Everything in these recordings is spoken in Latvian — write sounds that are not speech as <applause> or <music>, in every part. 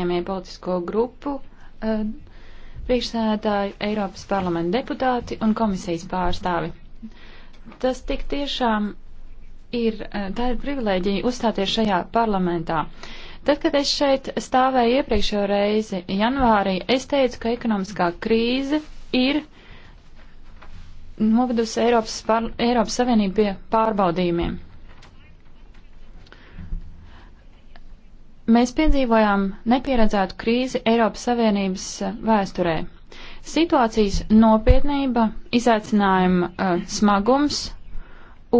ieņēmēju politisko grupu uh, priekšsēdētāji, Eiropas parlamenta deputāti un komisijas pārstāvi. Tas tik tiešām ir, eh, tā ir privilēģija uzstāties šajā parlamentā. Tad, kad es šeit stāvēju iepriekšējo reizi janvārī, es teicu, ka ekonomiskā krīze ir novedusi Eiropas, par, Eiropas Savienību pie pārbaudījumiem. Mēs piedzīvojām nepieredzētu krīzi Eiropas Savienības eh, vēsturē. Situācijas nopietnība, izaicinājuma uh, smagums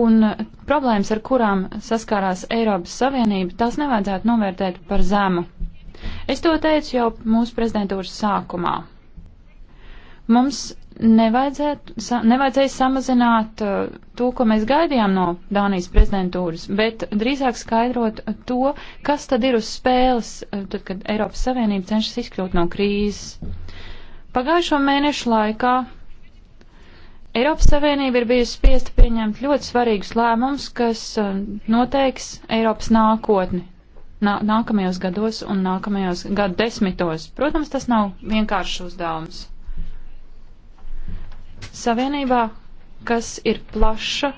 un eh, problēmas, ar kurām saskārās Eiropas Savienība, tās nevajadzētu novērtēt par zemu. Es to teicu jau mūsu prezidentūras sākumā. Mums sa, nevajadzēja samazināt uh, to, ko mēs gaidījām no Dānijas prezidentūras, bet drīzāk skaidrot to, kas tad ir uz spēles, uh, tad, kad Eiropas Savienība cenšas izkļūt no krīzes. Pagājušo mēnešu laikā Eiropas Savienība ir bijusi spiesta pieņemt ļoti svarīgus lēmumus, kas uh, noteiks Eiropas nākotni nā, nākamajos gados un nākamajos gadu desmitos. Protams, tas nav vienkāršs uzdevums. Savienībā, kas ir plaša,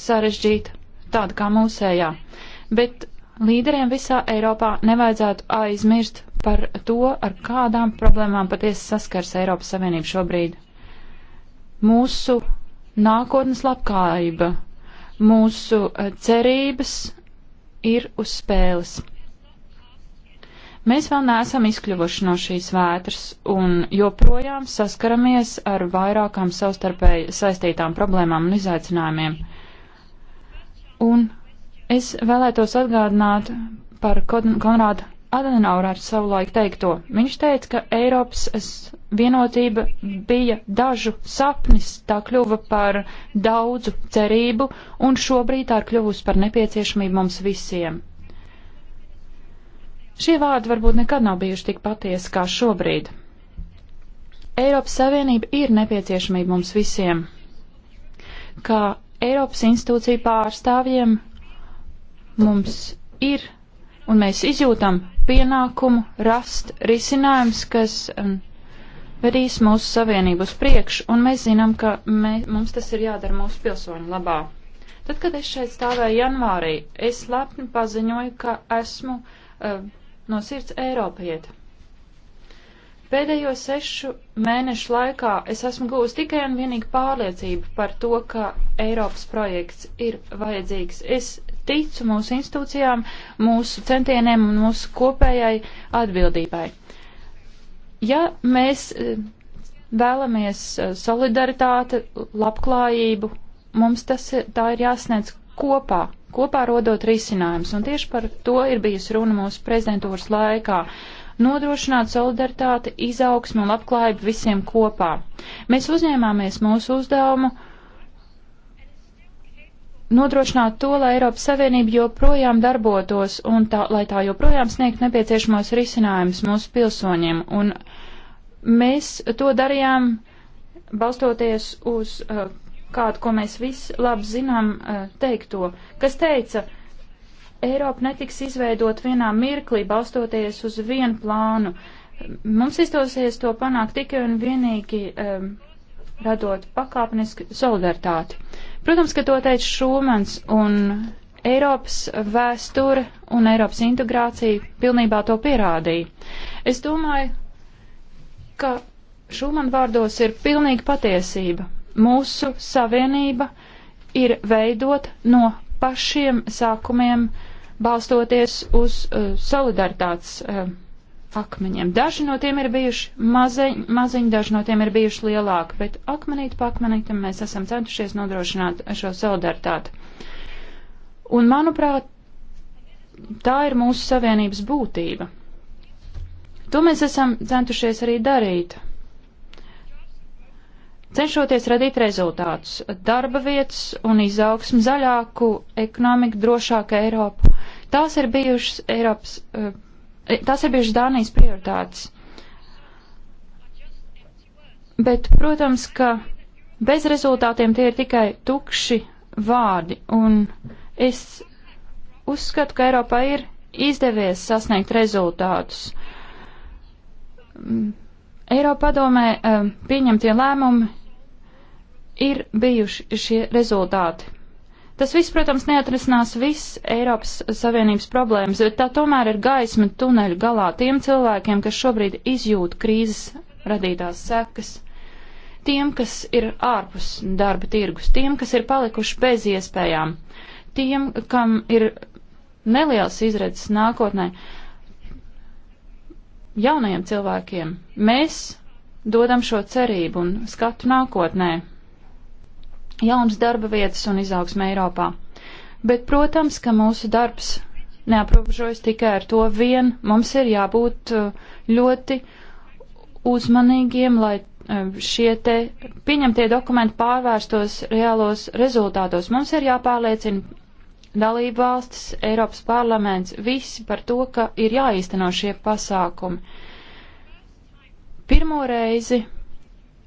sarežģīta, tāda kā mūsējā. Bet līderiem visā Eiropā nevajadzētu aizmirst par to, ar kādām problēmām patiesi saskars Eiropas Savienība šobrīd. Mūsu nākotnes labklājība, mūsu eh, cerības ir uz spēles. Mēs vēl neesam izkļuvuši no šīs vētras un joprojām saskaramies ar vairākām savstarpēji saistītām problēmām un izaicinājumiem. Un es vēlētos atgādināt par Konrādu Adenauer ar savu laiku teikto. Viņš teica, ka Eiropas vienotība bija dažu sapnis, tā kļuva par daudzu cerību un šobrīd tā ir kļuvusi par nepieciešamību mums visiem. Šie vārdi varbūt nekad nav bijuši tik patiesi kā šobrīd. Eiropas Savienība ir nepieciešamība mums visiem, kā Eiropas institūciju pārstāvjiem mums ir un mēs izjūtam pienākumu rast risinājums, kas um, vedīs mūsu savienību uz priekšu, un mēs zinām, ka mē, mums tas ir jādara mūsu pilsoņu labā. Tad, kad es šeit stāvēju janvārī, es lepni paziņoju, ka esmu uh, no sirds Eiropieti. Pēdējo sešu mēnešu laikā es esmu gūst tikai un vienīgi pārliecību par to, ka Eiropas projekts ir vajadzīgs. Es ticu mūsu institūcijām, mūsu centieniem un mūsu kopējai atbildībai. Ja mēs eh, vēlamies eh, solidaritāti, labklājību, mums tas, eh, tā ir jāsniedz kopā, kopā rodot risinājumus, un tieši par to ir bijusi runa mūsu prezidentūras laikā nodrošināt solidaritāti, izaugsmu un labklājību visiem kopā. Mēs uzņēmāmies mūsu uzdevumu nodrošināt to, lai Eiropas Savienība joprojām darbotos un tā, lai tā joprojām sniegt nepieciešamos risinājumus mūsu pilsoņiem. Un mēs to darījām balstoties uz uh, kādu, ko mēs visi labi zinām, e, teikto, kas teica, Eiropa netiks izveidot vienā mirklī, balstoties uz vienu plānu. Mums izdosies to panākt tikai un vienīgi um, radot pakāpenisku solidaritāti. Protams, ka to teica Šūmans un Eiropas vēsture un Eiropas integrācija pilnībā to pierādīja. Es domāju, ka Šūman vārdos ir pilnīga patiesība mūsu savienība ir veidot no pašiem sākumiem, balstoties uz uh, solidaritātes uh, akmeņiem. Daži no tiem ir bijuši maziņi, maziņ, daži no tiem ir bijuši lielāki, bet akmenīt pa akmenītam mēs esam centušies nodrošināt šo solidaritāti. Un, manuprāt, tā ir mūsu savienības būtība. To mēs esam centušies arī darīt cenšoties radīt rezultātus - darba vietas un izaugsmu zaļāku, ekonomiku drošāku Eiropu. Tās ir bijušas Eiropas, eh, tās ir bijušas Dānijas prioritātes. Bet, protams, ka bez rezultātiem tie ir tikai tukši vārdi, un es uzskatu, ka Eiropā ir izdevies sasniegt rezultātus. Mm, Eiropa padomē eh, pieņemtie lēmumi ir bijuši šie rezultāti. Tas viss, protams, neatrisinās viss Eiropas Savienības problēmas, bet tā tomēr ir gaisma tuneļu galā tiem cilvēkiem, kas šobrīd izjūt krīzes radītās sekas, tiem, kas ir ārpus darba tirgus, tiem, kas ir palikuši bez iespējām, tiem, kam ir nelielas izredzes nākotnē, jaunajiem cilvēkiem. Mēs dodam šo cerību un skatu nākotnē jaunas darba vietas un izaugsme Eiropā. Bet, protams, ka mūsu darbs neaprobežojas tikai ar to vien. Mums ir jābūt uh, ļoti uzmanīgiem, lai uh, šie te pieņemtie dokumenti pārvērstos reālos rezultātos. Mums ir jāpārliecina dalību valstis, Eiropas parlaments, visi par to, ka ir jāīsteno šie pasākumi. Pirmo reizi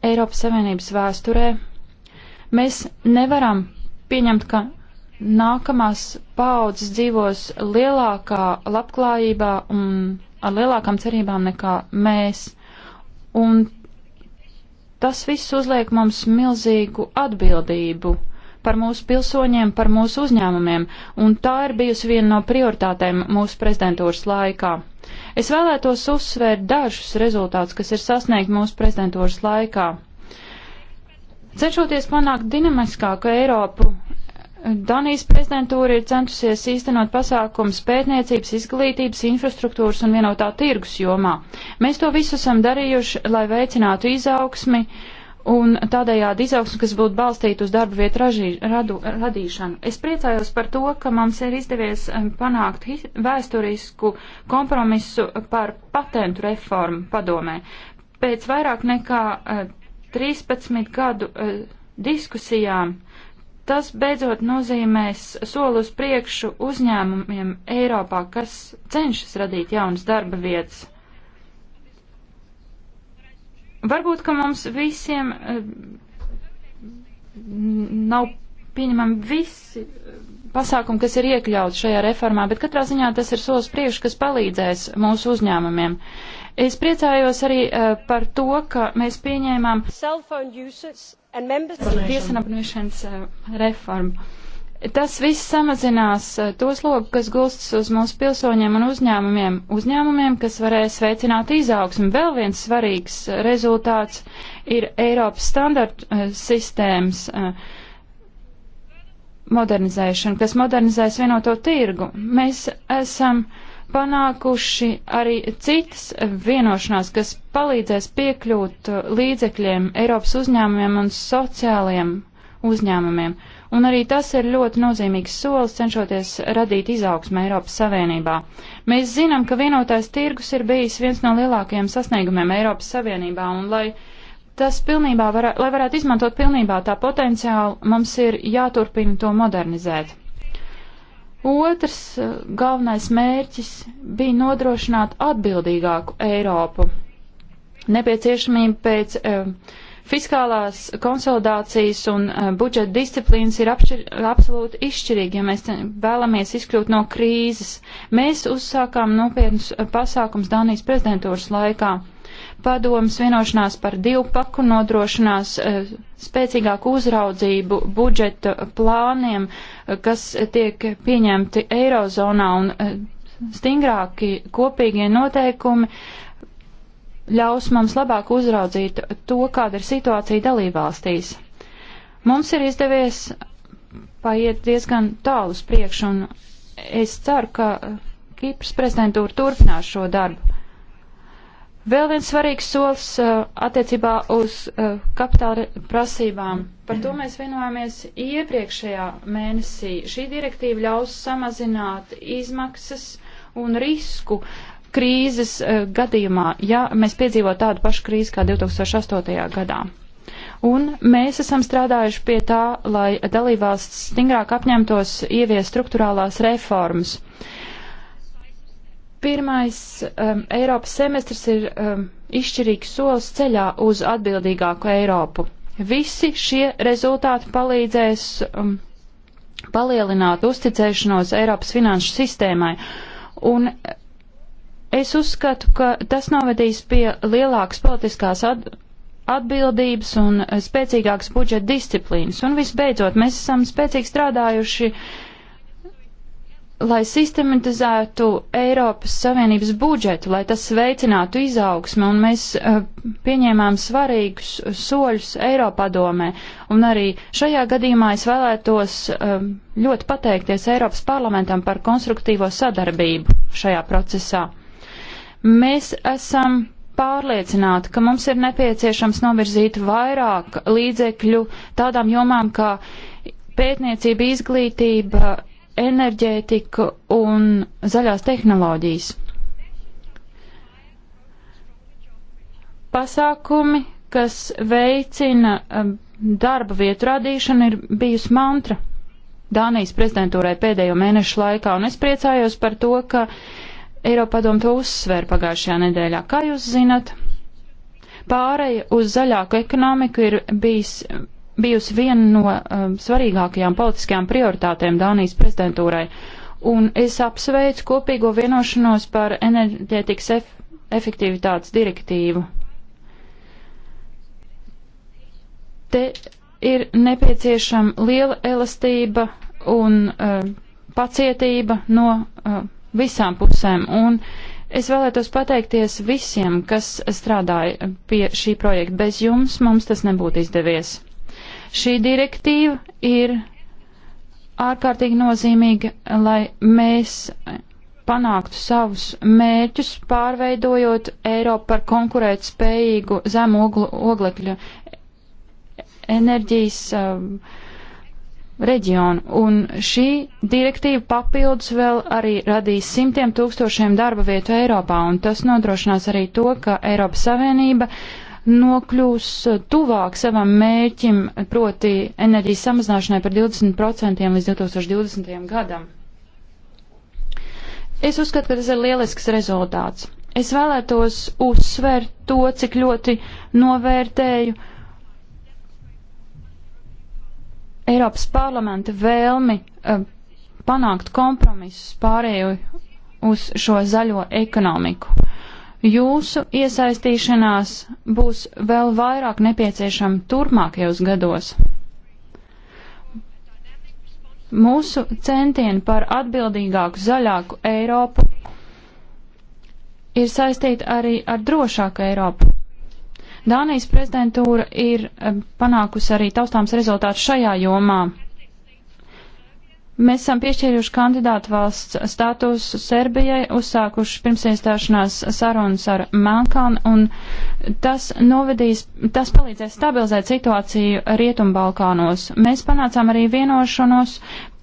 Eiropas Savienības vēsturē Mēs nevaram pieņemt, ka nākamās paudzes dzīvos lielākā labklājībā un ar lielākām cerībām nekā mēs. Un tas viss uzliek mums milzīgu atbildību par mūsu pilsoņiem, par mūsu uzņēmumiem, un tā ir bijusi viena no prioritātēm mūsu prezidentūras laikā. Es vēlētos uzsvērt dažus rezultātus, kas ir sasniegti mūsu prezidentūras laikā. Cenšoties panākt dinamiskāku Eiropu, Danijas prezidentūra ir centusies īstenot pasākums pētniecības, izglītības, infrastruktūras un vienotā tirgus jomā. Mēs to visu esam darījuši, lai veicinātu izaugsmi un tādējādi izaugsmi, kas būtu balstīta uz darba vietu ražī, radu, radīšanu. Es priecājos par to, ka mums ir izdevies um, panākt vēsturisku kompromisu par patentu reformu padomē. Pēc vairāk nekā uh, 13 gadu uh, diskusijām tas beidzot nozīmēs soli uz priekšu uzņēmumiem Eiropā, kas cenšas radīt jaunas darba vietas. Varbūt, ka mums visiem uh, nav pieņemami visi eh, pasākumi, kas ir iekļauts šajā reformā, bet katrā ziņā tas ir solis priekš, kas palīdzēs mūsu uzņēmumiem. Uh, Es priecājos arī uh, par to, ka mēs pieņēmām tiesanapniešanas uh, eh, reformu. Tas viss samazinās uh, eh, to slogu, kas gulstas uz mūsu pilsoņiem un uzņēmumiem. Uzņēmumiem, kas varēs veicināt izaugsmu. Vēl viens svarīgs uh, rezultāts ir Eiropas standarta sistēmas modernizēšana, kas modernizēs vienoto tirgu. Mēs esam uh, panākuši arī citas vienošanās, kas palīdzēs piekļūt uh, līdzekļiem Eiropas uzņēmumiem un sociālajiem uzņēmumiem. Un arī tas ir ļoti nozīmīgs solis cenšoties radīt izaugsmu Eiropas Savienībā. Mēs zinām, ka vienotais tirgus ir bijis viens no lielākajiem sasniegumiem Eiropas Savienībā, un lai tas pilnībā varētu, lai varētu izmantot pilnībā tā potenciālu, mums ir jāturpina to modernizēt. Otrs eh, galvenais mērķis bija nodrošināt atbildīgāku Eiropu. Nepieciešamība pēc eh, fiskālās konsolidācijas un eh, budžeta disciplīnas ir apšķir, absolūti izšķirīga, ja mēs vēlamies izkļūt no krīzes. Mēs uzsākām nopietnus pasākums Dānijas prezidentūras laikā padomas vienošanās par divpaku nodrošinās eh, spēcīgāku uzraudzību budžeta plāniem, eh, kas tiek pieņemti Eirozonā un eh, stingrāki kopīgie noteikumi ļaus mums labāk uzraudzīt to, kāda ir situācija dalībvalstīs. Mums ir izdevies paiet diezgan tālu uz priekšu, un es ceru, ka Kipras prezidentūra turpinās šo darbu. Vēl viens svarīgs solis uh, attiecībā uz uh, kapitāla prasībām. Par to mēs vienojāmies iepriekšējā mēnesī. Šī direktīva ļaus samazināt izmaksas un risku krīzes uh, gadījumā, ja mēs piedzīvot tādu pašu krīzi kā 2008. gadā. Un mēs esam strādājuši pie tā, lai dalībvalsts stingrāk apņemtos ievies struktūrālās reformas. Uh, Pirmais um, Eiropas semestrs ir um, izšķirīgs solis ceļā uz atbildīgāku Eiropu. Visi šie rezultāti palīdzēs um, palielināt uzticēšanos Eiropas finanšu sistēmai. Un es uzskatu, ka tas novedīs pie lielākas politiskās at atbildības un spēcīgākas budžeta disciplīnas. Un visbeidzot, mēs esam spēcīgi strādājuši uh, lai sistematizētu Eiropas Savienības budžetu, lai tas veicinātu izaugsmu, un mēs uh, pieņēmām svarīgus soļus Eiropadomē. Un arī šajā gadījumā es vēlētos uh, ļoti pateikties Eiropas parlamentam par konstruktīvo sadarbību šajā procesā. Mēs esam pārliecināti, ka mums ir nepieciešams novirzīt vairāk līdzekļu tādām jomām kā pētniecība, izglītība, enerģētiku un zaļās tehnoloģijas. Pasākumi, kas veicina um, darba vietu radīšanu, ir bijusi mantra Dānijas prezidentūrai pēdējo mēnešu laikā, un es priecājos par to, ka Eiropadom to uzsver pagājušajā nedēļā. Kā jūs zinat, pāreja uz zaļāku ekonomiku ir bijis bijusi viena no um, svarīgākajām politiskajām prioritātēm Dānijas prezidentūrai, un es apsveicu kopīgo vienošanos par enerģētikas ef efektivitātes direktīvu. Te ir nepieciešama liela elastība un uh, pacietība no uh, visām pusēm, un es vēlētos pateikties visiem, kas strādāja pie šī projekta. Bez jums mums tas nebūtu izdevies. Šī direktīva ir ārkārtīgi nozīmīga, lai mēs panāktu savus mērķus, pārveidojot Eiropu par konkurēt spējīgu zem oglekļa enerģijas um, reģionu. Un šī direktīva papildus vēl arī radīs simtiem tūkstošiem darba vietu Eiropā, un tas nodrošinās arī to, ka Eiropas Savienība uh, nokļūs tuvāk savam mērķim, proti enerģijas samazināšanai par 20% līdz 2020. gadam. Es uzskatu, ka tas ir lielisks rezultāts. Es vēlētos uzsvērt to, cik ļoti novērtēju Eiropas parlamenta vēlmi uh, panākt kompromisus pārēju uz šo zaļo ekonomiku jūsu iesaistīšanās būs vēl vairāk nepieciešama turpmākajos gados. Mūsu centieni par atbildīgāku, zaļāku Eiropu ir saistīti arī ar drošāku Eiropu. Dānijas prezidentūra ir eh, panākusi arī taustāms rezultāts šajā jomā. Mēs esam piešķīruši kandidātu valsts statusu Serbijai, uzsākuši pirmsiestāšanās sarunas ar Melkanu, un tas novedīs, tas palīdzēs stabilizēt situāciju Rietumbalkānos. Mēs panācām arī vienošanos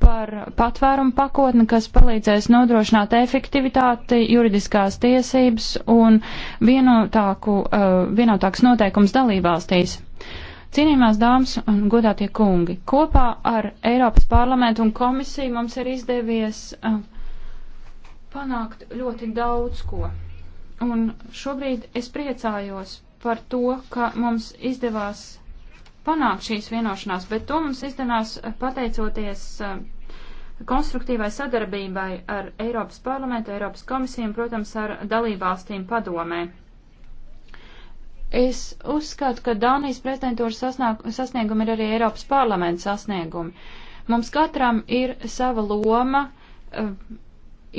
par patvērumu pakotni, kas palīdzēs nodrošināt efektivitāti, juridiskās tiesības un vienotāku, uh, vienotāks noteikums dalībvalstīs. Cienījumās dāmas un godātie kungi, kopā ar Eiropas parlamentu un komisiju mums ir izdevies uh, panākt ļoti daudz ko. Un šobrīd es priecājos par to, ka mums izdevās panākt šīs vienošanās, bet to mums izdevās uh, pateicoties uh, konstruktīvai sadarbībai ar Eiropas parlamentu, Eiropas komisiju un, protams, ar dalībvalstīm padomē. Es uzskatu, ka Dānijas prezidentūras sasniegumi ir arī Eiropas parlamenta sasniegumi. Mums katram ir sava loma, eh,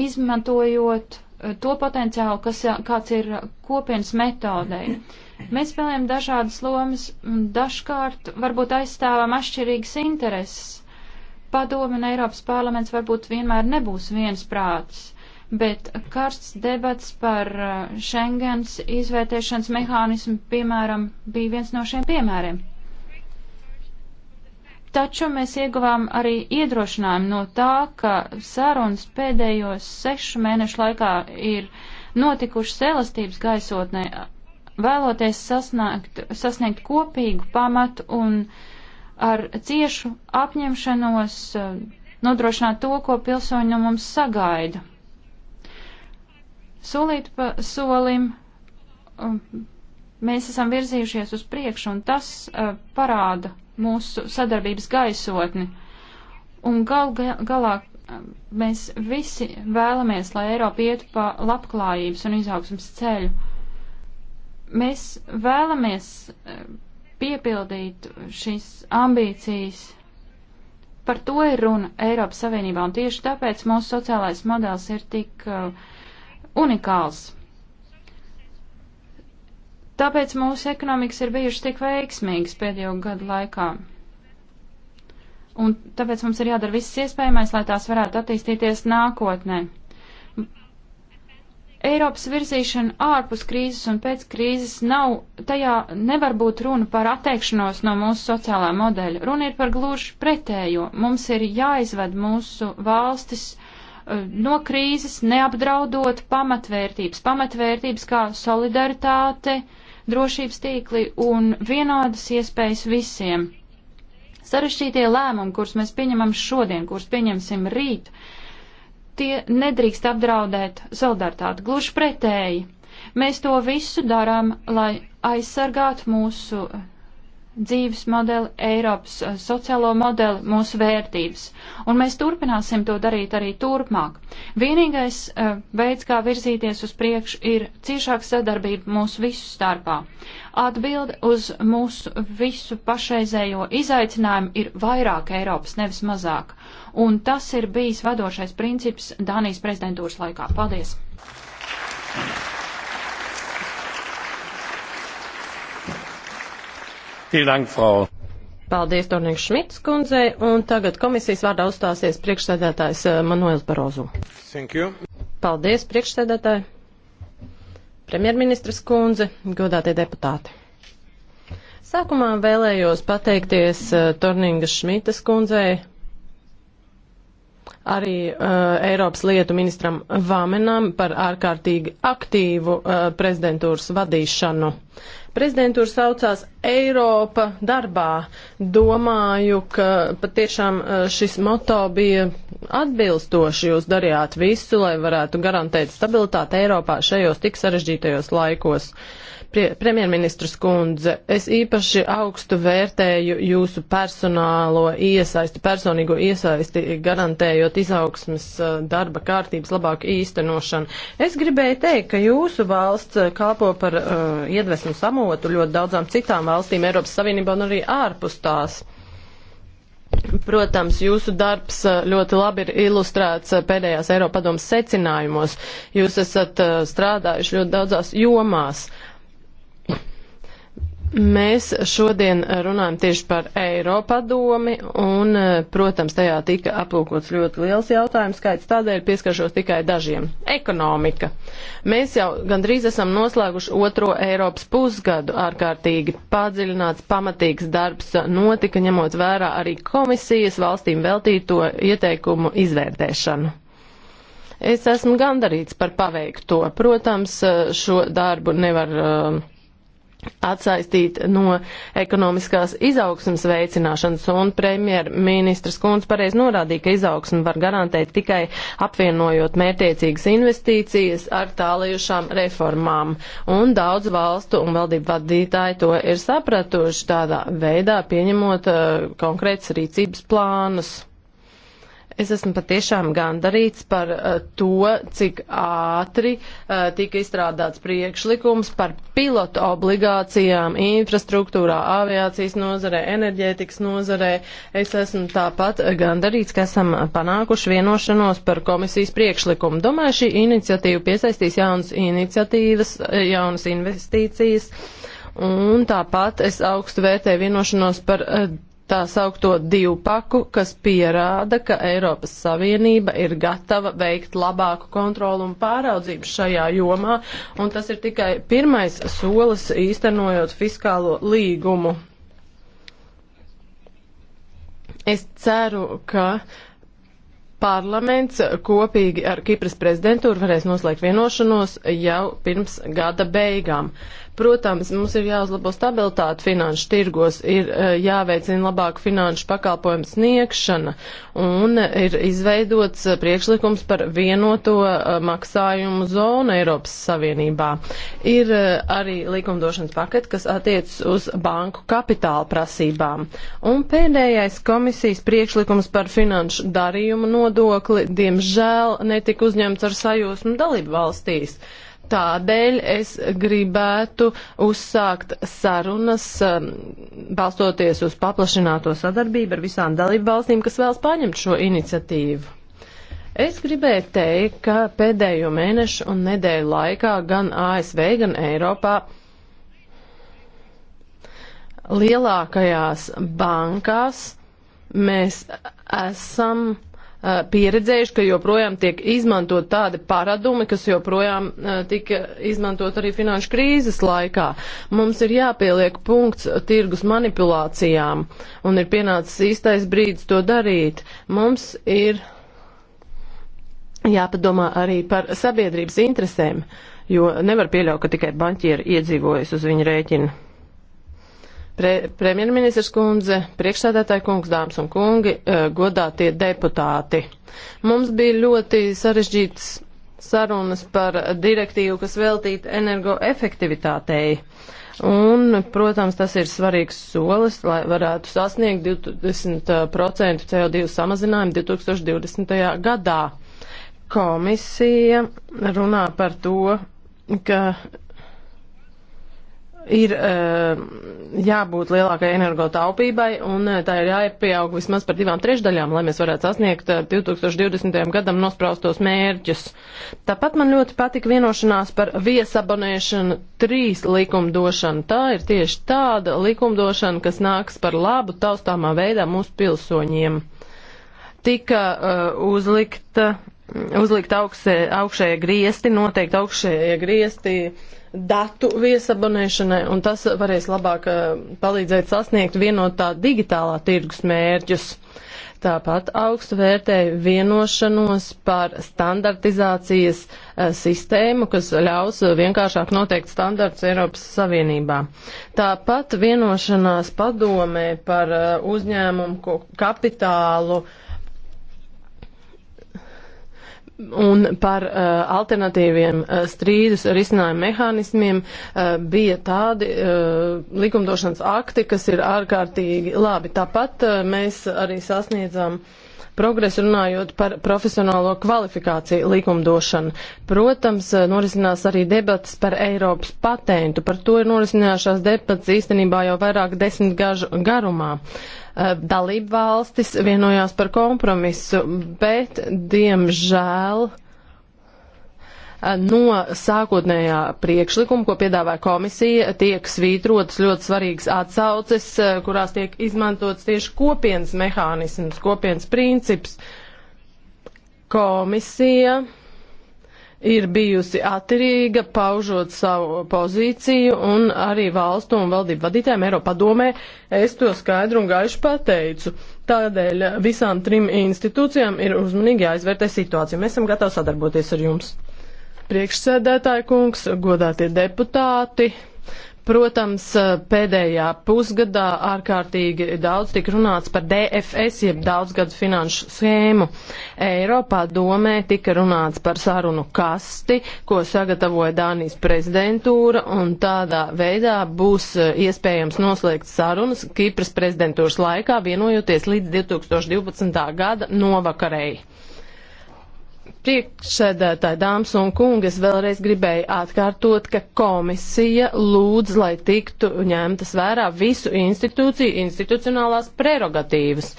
izmantojot eh, to potenciālu, kas, eh, kāds ir kopienas metodei. Mēs spēlējam dažādas lomas, dažkārt varbūt aizstāvam atšķirīgas intereses. Padomi un Eiropas parlaments varbūt vienmēr nebūs viens prāts bet karsts debats par uh, Schengens izvērtēšanas mehānismu, piemēram, bija viens no šiem piemēriem. Taču mēs ieguvām arī iedrošinājumu no tā, ka sarunas pēdējos sešu mēnešu laikā ir notikušas elastības gaisotnē, vēloties sasniegt, sasniegt kopīgu pamatu un ar ciešu apņemšanos uh, nodrošināt to, ko pilsoņi no mums sagaida. Solīt pa solim mēs esam virzījušies uz priekšu, un tas uh, parāda mūsu sadarbības gaisotni. Un gal, galā e, mēs visi vēlamies, lai Eiropa ietu pa labklājības un izaugsmas ceļu. Mēs vēlamies e, piepildīt šīs ambīcijas. Par to ir runa Eiropas Savienībā, un tieši tāpēc mūsu sociālais modelis ir tik uh, unikāls. Tāpēc mūsu ekonomikas ir bijušas tik veiksmīgas pēdējo gadu laikā. Un tāpēc mums ir jādara viss iespējamais, lai tās varētu attīstīties nākotnē. Eiropas virzīšana ārpus krīzes un pēc krīzes nav, tajā nevar būt runa par atteikšanos no mūsu sociālā modeļa. Runa ir par gluži pretējo. Mums ir jāizved mūsu valstis Eh, no krīzes, neapdraudot pamatvērtības. Pamatvērtības kā solidaritāte, drošības tīkli un vienādas iespējas visiem. Sarešķītie lēmumi, kurus mēs pieņemam šodien, kurus pieņemsim rīt, tie nedrīkst apdraudēt solidaritāti. Gluži pretēji. Mēs to visu darām, lai aizsargātu mūsu dzīves modeli, Eiropas eh, sociālo modeli, mūsu vērtības. Un mēs turpināsim to darīt arī turpmāk. Vienīgais uh, veids, kā virzīties uz priekšu, ir ciešāka sadarbība mūsu visu starpā. Atbilde uz mūsu visu pašreizējo izaicinājumu ir vairāk Eiropas, nevis mazāk. Un tas ir bijis vadošais princips Dānijas prezidentūras laikā. Paldies! Thank you. Dank, Frau. Paldies, Tornieks Šmits kundzei, un tagad komisijas vārdā uzstāsies priekšsēdētājs eh, Manuels Barozu. Thank you. Paldies, priekšsēdētāji, premjerministras kundze, godātie deputāti. Sākumā vēlējos pateikties eh, Torninga Šmitas kundzei arī uh, Eiropas lietu ministram Vāmenam par ārkārtīgi aktīvu uh, prezidentūras vadīšanu. Prezidentūra saucās Eiropa darbā. Domāju, ka patiešām uh, šis moto bija atbilstoši. Jūs darījāt visu, lai varētu garantēt stabilitāti Eiropā šajos tik sarežģītajos laikos. Uh, Premjerministrs kundze, es īpaši augstu vērtēju jūsu personālo iesaisti, personīgo iesaisti, garantējot izaugsmas eh, darba kārtības labāku īstenošanu. Es gribēju teikt, ka jūsu valsts eh, kalpo par uh, iedvesmu samotu ļoti daudzām citām valstīm Eiropas Savienībā un arī ārpus tās. Protams, jūsu darbs ļoti labi ir ilustrēts pēdējās Eiropadomas secinājumos. Jūs esat strādājuši ļoti daudzās jomās. Uh, Mēs šodien runājam tieši par Eiropadomi, un, eh, protams, tajā tika aplūkots ļoti liels jautājums skaits, tādēļ pieskaršos tikai dažiem. Ekonomika. Mēs jau gandrīz esam noslēguši otro Eiropas pusgadu, ārkārtīgi padziļināts, pamatīgs darbs notika, ņemot vērā arī komisijas valstīm veltīto ieteikumu izvērtēšanu. Es esmu gandarīts par paveikto. Protams, eh, šo darbu nevar. Uh, atsaistīt no ekonomiskās izaugsmas veicināšanas, un premjerministrs Kunds pareiz norādīja, ka izaugsmu var garantēt tikai apvienojot mērtiecīgas investīcijas ar tālējušām reformām, un daudz valstu un valdību vadītāji to ir sapratuši tādā veidā, pieņemot uh, konkrētas rīcības plānus. Es esmu patiešām gandarīts par uh, to, cik ātri uh, tika izstrādāts priekšlikums par pilotu obligācijām infrastruktūrā, aviācijas nozarē, enerģētikas nozarē. Es esmu tāpat gandarīts, ka esam panākuši vienošanos par komisijas priekšlikumu. Domāju, šī iniciatīva piesaistīs jaunas iniciatīvas, jaunas investīcijas. Un tāpat es augstu vērtēju vienošanos par uh, tā saukto divpaku, kas pierāda, ka Eiropas Savienība ir gatava veikt labāku kontrolu un pāraudzību šajā jomā, un tas ir tikai pirmais solis īstenojot fiskālo līgumu. Es ceru, ka parlaments kopīgi ar Kipras prezidentūru varēs noslēgt vienošanos jau pirms gada beigām. Uh, Protams, mums ir jāuzlabo stabilitāte finanšu tirgos, ir e, jāveicina labāka finanšu pakalpojumu sniegšana un ir izveidots e, priekšlikums par vienoto e, maksājumu zonu Eiropas Savienībā. Ir arī likumdošanas paketi, kas attiecas uz banku kapitāla prasībām. Un pēdējais komisijas priekšlikums par finanšu darījumu nodokli, diemžēl, netika uzņemts ar sajūsmu dalību valstīs. Uh, Tādēļ es gribētu uzsākt sarunas, um, balstoties uz paplašināto sadarbību ar visām dalību valstīm, kas vēlas paņemt šo iniciatīvu. Es gribēju teikt, ka pēdējo mēnešu un nedēļu laikā gan ASV, gan Eiropā lielākajās bankās mēs esam Uh, pieredzējuši, ka joprojām tiek izmantot tādi paradumi, kas joprojām uh, tika izmantot arī finanšu krīzes laikā. Mums ir jāpieliek punkts tirgus manipulācijām un ir pienācis īstais brīdis to darīt. Mums ir jāpadomā arī par sabiedrības interesēm, jo nevar pieļaut, ka tikai banķieri iedzīvojas uz viņu rēķinu. Pre, premjerministrs kundze, priekšsēdētāji kungs, dāmas un kungi, e, godātie deputāti. Mums bija ļoti sarežģīts sarunas par direktīvu, kas veltīta energoefektivitātei. Un, protams, tas ir svarīgs solis, lai varētu sasniegt 20% e, CO2 samazinājumu 2020. gadā. Komisija runā par to, ka ir uh, jābūt lielākai energotaupībai, un uh, tā ir jāpieaug vismaz par divām trešdaļām, lai mēs varētu sasniegt uh, eh, 2020. gadam nospraustos mērķus. Tāpat man ļoti patika vienošanās par viesabonēšanu trīs likumdošanu. Tā ir tieši tāda likumdošana, kas nāks par labu taustāmā veidā mūsu pilsoņiem. Tika uh, uzlikta. Uh, uzlikt augstē, augšējie griesti, noteikti augšējie griesti datu viesabonēšanai, un tas varēs labāk eh, palīdzēt sasniegt vienotā digitālā tirgus mērķus. Tāpat augstu vērtēju vienošanos par standartizācijas eh, sistēmu, kas ļaus vienkāršāk noteikt standarts Eiropas Savienībā. Tāpat vienošanās padomē par eh, uzņēmumu kapitālu uh, Un par uh, alternatīviem uh, strīdus risinājumu mehānismiem uh, bija tādi uh, likumdošanas akti, kas ir ārkārtīgi labi. Tāpat uh, mēs arī sasniedzām uh, progresu runājot par profesionālo kvalifikāciju likumdošanu. Protams, eh, norisinās arī debatas par Eiropas patentu. Par to ir norisinājušās debatas īstenībā jau vairāk desmit gažu garumā. Eh, dalība valstis vienojās par kompromisu, bet, diemžēl, uh, No sākotnējā priekšlikuma, ko piedāvā komisija, tiek svītrotas ļoti svarīgas atsauces, kurās tiek izmantots tieši kopienas mehānisms, kopienas princips. Komisija ir bijusi atturīga, paužot savu pozīciju, un arī valstu un valdību vadītājiem Eiropadomē es to skaidru un gaišu pateicu. Tādēļ visām trim institūcijām ir uzmanīgi jāizvērtē situācija. Mēs esam gatavi sadarboties ar jums. Priekšsēdētāja kungs, godātie deputāti, Protams, pēdējā pusgadā ārkārtīgi daudz tika runāts par DFS, jeb daudzgadu finanšu schēmu. Eiropā domē tika runāts par sarunu kasti, ko sagatavoja Dānijas prezidentūra, un tādā veidā būs eh, iespējams noslēgt sarunas Kipras prezidentūras laikā, vienojoties līdz 2012. gada novakarēji. Priekšsēdētāji, dāmas un kungi, es vēlreiz gribēju atkārtot, ka komisija lūdz, lai tiktu ņemtas vērā visu institūciju institucionālās prerogatīvas.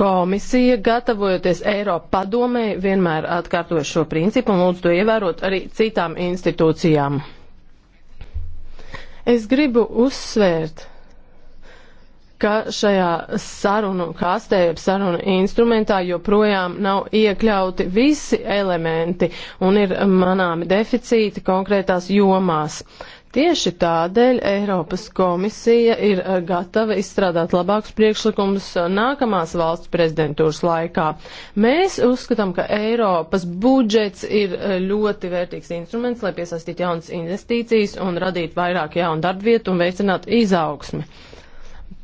Komisija, gatavojoties Eiropa padomē, vienmēr atkārtoja šo principu un lūdzu to ievērot arī citām institūcijām. Es gribu uzsvērt, ka šajā sarunu kastē, sarunu instrumentā joprojām nav iekļauti visi elementi un ir manāmi deficīti konkrētās jomās. Tieši tādēļ Eiropas komisija ir eh, gatava izstrādāt labākus priekšlikumus eh, nākamās valsts prezidentūras laikā. Mēs uzskatām, ka Eiropas budžets ir eh, ļoti vērtīgs instruments, lai piesaistītu jaunas investīcijas un radītu vairāk jaunu darbvietu un veicinātu izaugsmi.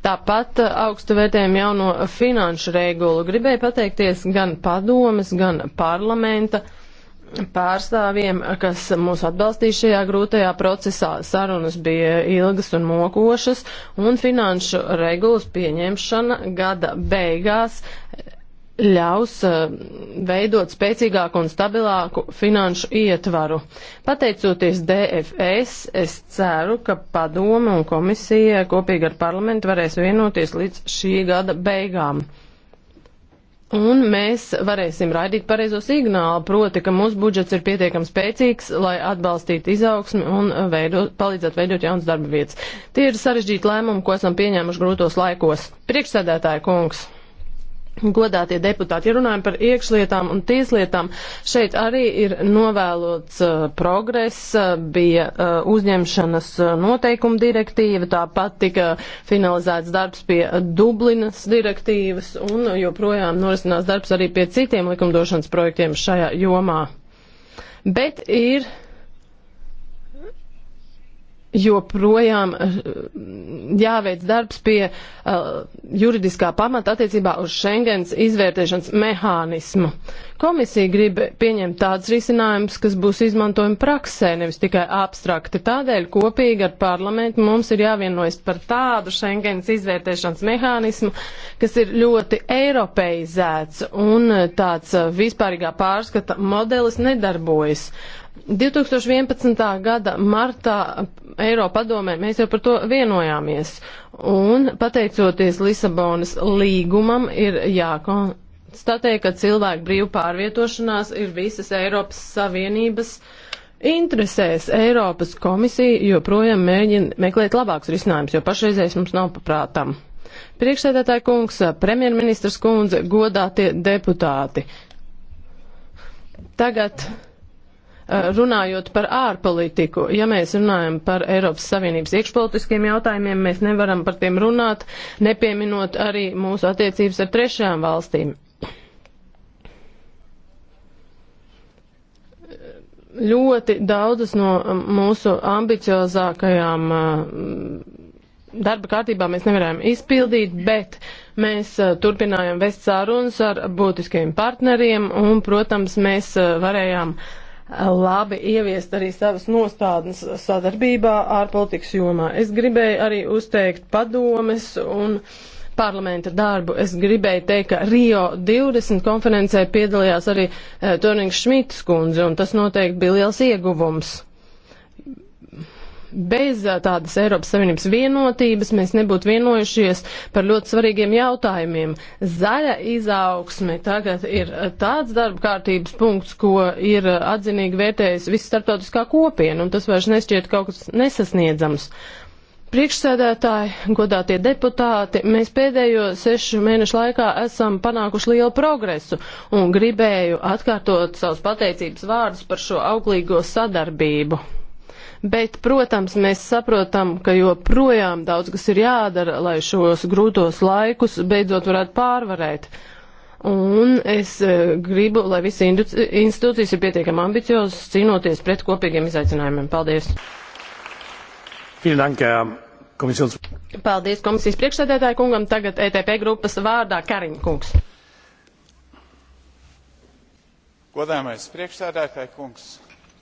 Tāpat eh, augstu vērtējam jauno finanšu regulu. Gribēju pateikties gan padomes, gan parlamenta pārstāvjiem, kas mūs atbalstīja šajā grūtajā procesā. Sarunas bija ilgas un mokošas, un finanšu regulas pieņemšana gada beigās ļaus eh, veidot spēcīgāku un stabilāku finanšu ietvaru. Pateicoties DFS, es ceru, ka padome un komisija kopīgi ar parlamentu varēs vienoties līdz šī gada beigām. Un mēs varēsim raidīt pareizo signālu, proti, ka mūsu budžets ir pietiekami spēcīgs, lai atbalstītu izaugsmi un veidot, palīdzētu veidot jaunas darba vietas. Tie ir sarežģīti lēmumi, ko esam pieņēmuši grūtos laikos. Priekšsēdētāja kungs! Godātie deputāti, ja runājam par iekšlietām un tieslietām, šeit arī ir novēlots uh, progress, uh, bija uh, uzņemšanas uh, noteikuma direktīva, tāpat tika finalizēts darbs pie Dublinas direktīvas un joprojām norisinās darbs arī pie citiem likumdošanas projektiem šajā jomā. Bet ir joprojām eh, jāveic darbs pie uh, juridiskā pamata attiecībā uz Schengens izvērtēšanas mehānismu. Komisija grib pieņemt tāds risinājums, kas būs izmantojami praksē, nevis tikai abstrakti. Tādēļ kopīgi ar parlamentu mums ir jāvienojas par tādu Schengens izvērtēšanas mehānismu, kas ir ļoti eiropeizēts un eh, tāds vispārīgā pārskata modelis nedarbojas. Uh, 2011. gada martā Eiropadomē mēs jau par to vienojāmies, un pateicoties Lisabonas līgumam ir jākonstatē, ka cilvēku brīvu pārvietošanās ir visas Eiropas Savienības interesēs. Eiropas komisija joprojām mēģina meklēt labāks risinājums, jo pašreizējais mums nav paprātam. Priekšsēdētāja kungs, premjerministrs kundze, godātie deputāti. Tagad Eh, runājot par ārpolitiku, ja mēs runājam par Eiropas Savienības iekšpolitiskiem jautājumiem, mēs nevaram par tiem runāt, nepieminot arī mūsu attiecības ar trešajām valstīm. Ļoti daudzas no mūsu ambiciozākajām eh, darba kārtībā mēs nevarējām izpildīt, bet mēs eh, turpinājām vest sārunas ar būtiskiem partneriem un, protams, mēs varējām uh, labi ieviest arī savas nostādnes sadarbībā ārpolitikas jomā. Es gribēju arī uzteikt padomes un parlamenta darbu. Es gribēju teikt, ka Rio 20 konferencē piedalījās arī e, Tornings Šmits kundze, un tas noteikti bija liels ieguvums bez tādas Eiropas Savienības vienotības mēs nebūtu vienojušies par ļoti svarīgiem jautājumiem. Zaļa izaugsme tagad ir tāds darba kārtības punkts, ko ir atzinīgi vērtējis viss starptautiskā kopiena, un tas vairs nešķiet kaut kas nesasniedzams. Priekšsēdētāji, godātie deputāti, mēs pēdējo sešu mēnešu laikā esam panākuši lielu progresu un gribēju atkārtot savus pateicības vārdus par šo auglīgo sadarbību bet, protams, mēs saprotam, ka joprojām daudz kas ir jādara, lai šos grūtos laikus beidzot varētu pārvarēt. Un es e, gribu, lai visi institūcijas ir pietiekami ambiciozas, cīnoties pret kopīgiem izaicinājumiem. Paldies! Paldies komisijas priekšsēdētāju kungam. Tagad ETP grupas vārdā Kariņa kungs. Godājamais priekšsēdētāju kungs,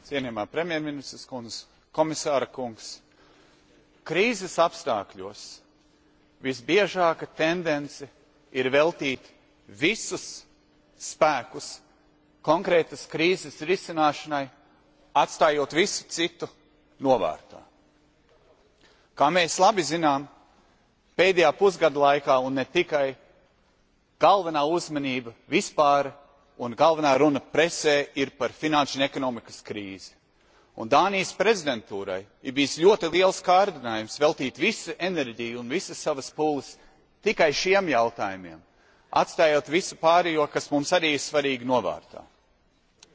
cienījumā premjerministrs kungs, komisāra kungs krīzes apstākļos visbiežākā tendence ir veltīt visus spēkus konkrētas krīzes risināšanai atstājot visu citu novārtā. kā mēs labi zinām pēdējā pusgada laikā un ne tikai galvenā uzmanība vispār un galvenā runa presē ir par finanšu un ekonomikas krīzi un dānijas prezidentūrai ir bijis ļoti liels kārdinājums veltīt visu enerģiju un visas savas pūles tikai šiem jautājumiem atstājot visu pārējo kas mums arī ir svarīgi novārtā.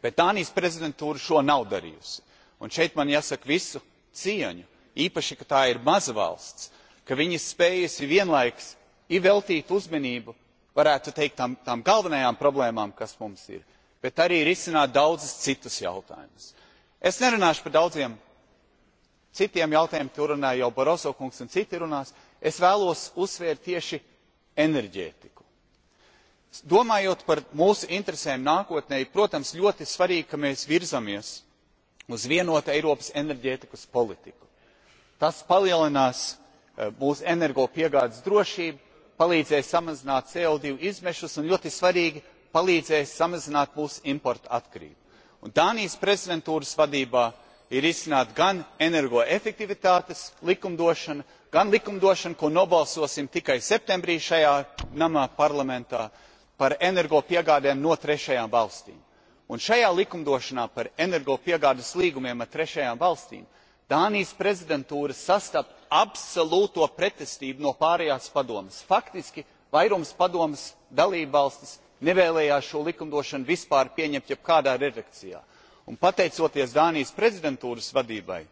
bet dānijas prezidentūra šo nav darījusi un šeit man jāsaka visu cieņu īpaši ka tā ir maza valsts ka viņi ir spējusi vienlaikus veltīt uzmanību varētu teikt tām, tām galvenajām problēmām kas mums ir bet arī risināt daudzus citus jautājumus es nerunāšu par daudziem citiem jautājumiem to runāja jau baroso kungs un citi runās es vēlos uzsvērt tieši enerģētiku. domājot par mūsu interesēm nākotnē protams ļoti svarīgi ka mēs virzamies uz vienotu eiropas enerģētikas politiku. tas palielinās eh, mūsu energopiegādes drošību palīdzēs samazināt co izmešus un ļoti svarīgi palīdzēs samazināt mūsu importa atkarību un dānijas prezidentūras vadībā ir izstrādāta gan energoefektivitātes likumdošana gan likumdošana par ko nobalsosim tikai septembrī šajā parlamentā par energopiegādēm no trešajām valstīm. šajā likumdošanā par energopiegādes līgumiem ar trešajām valstīm dānijas prezidentūra sastapa absolūto pretestību no pārējās padomes. faktiski vairums padomes dalībvalstis nevēlējās šo likumdošanu vispār pieņemt jebkādā redakcijā. Un, pateicoties Dānijas prezidentūras vadībai,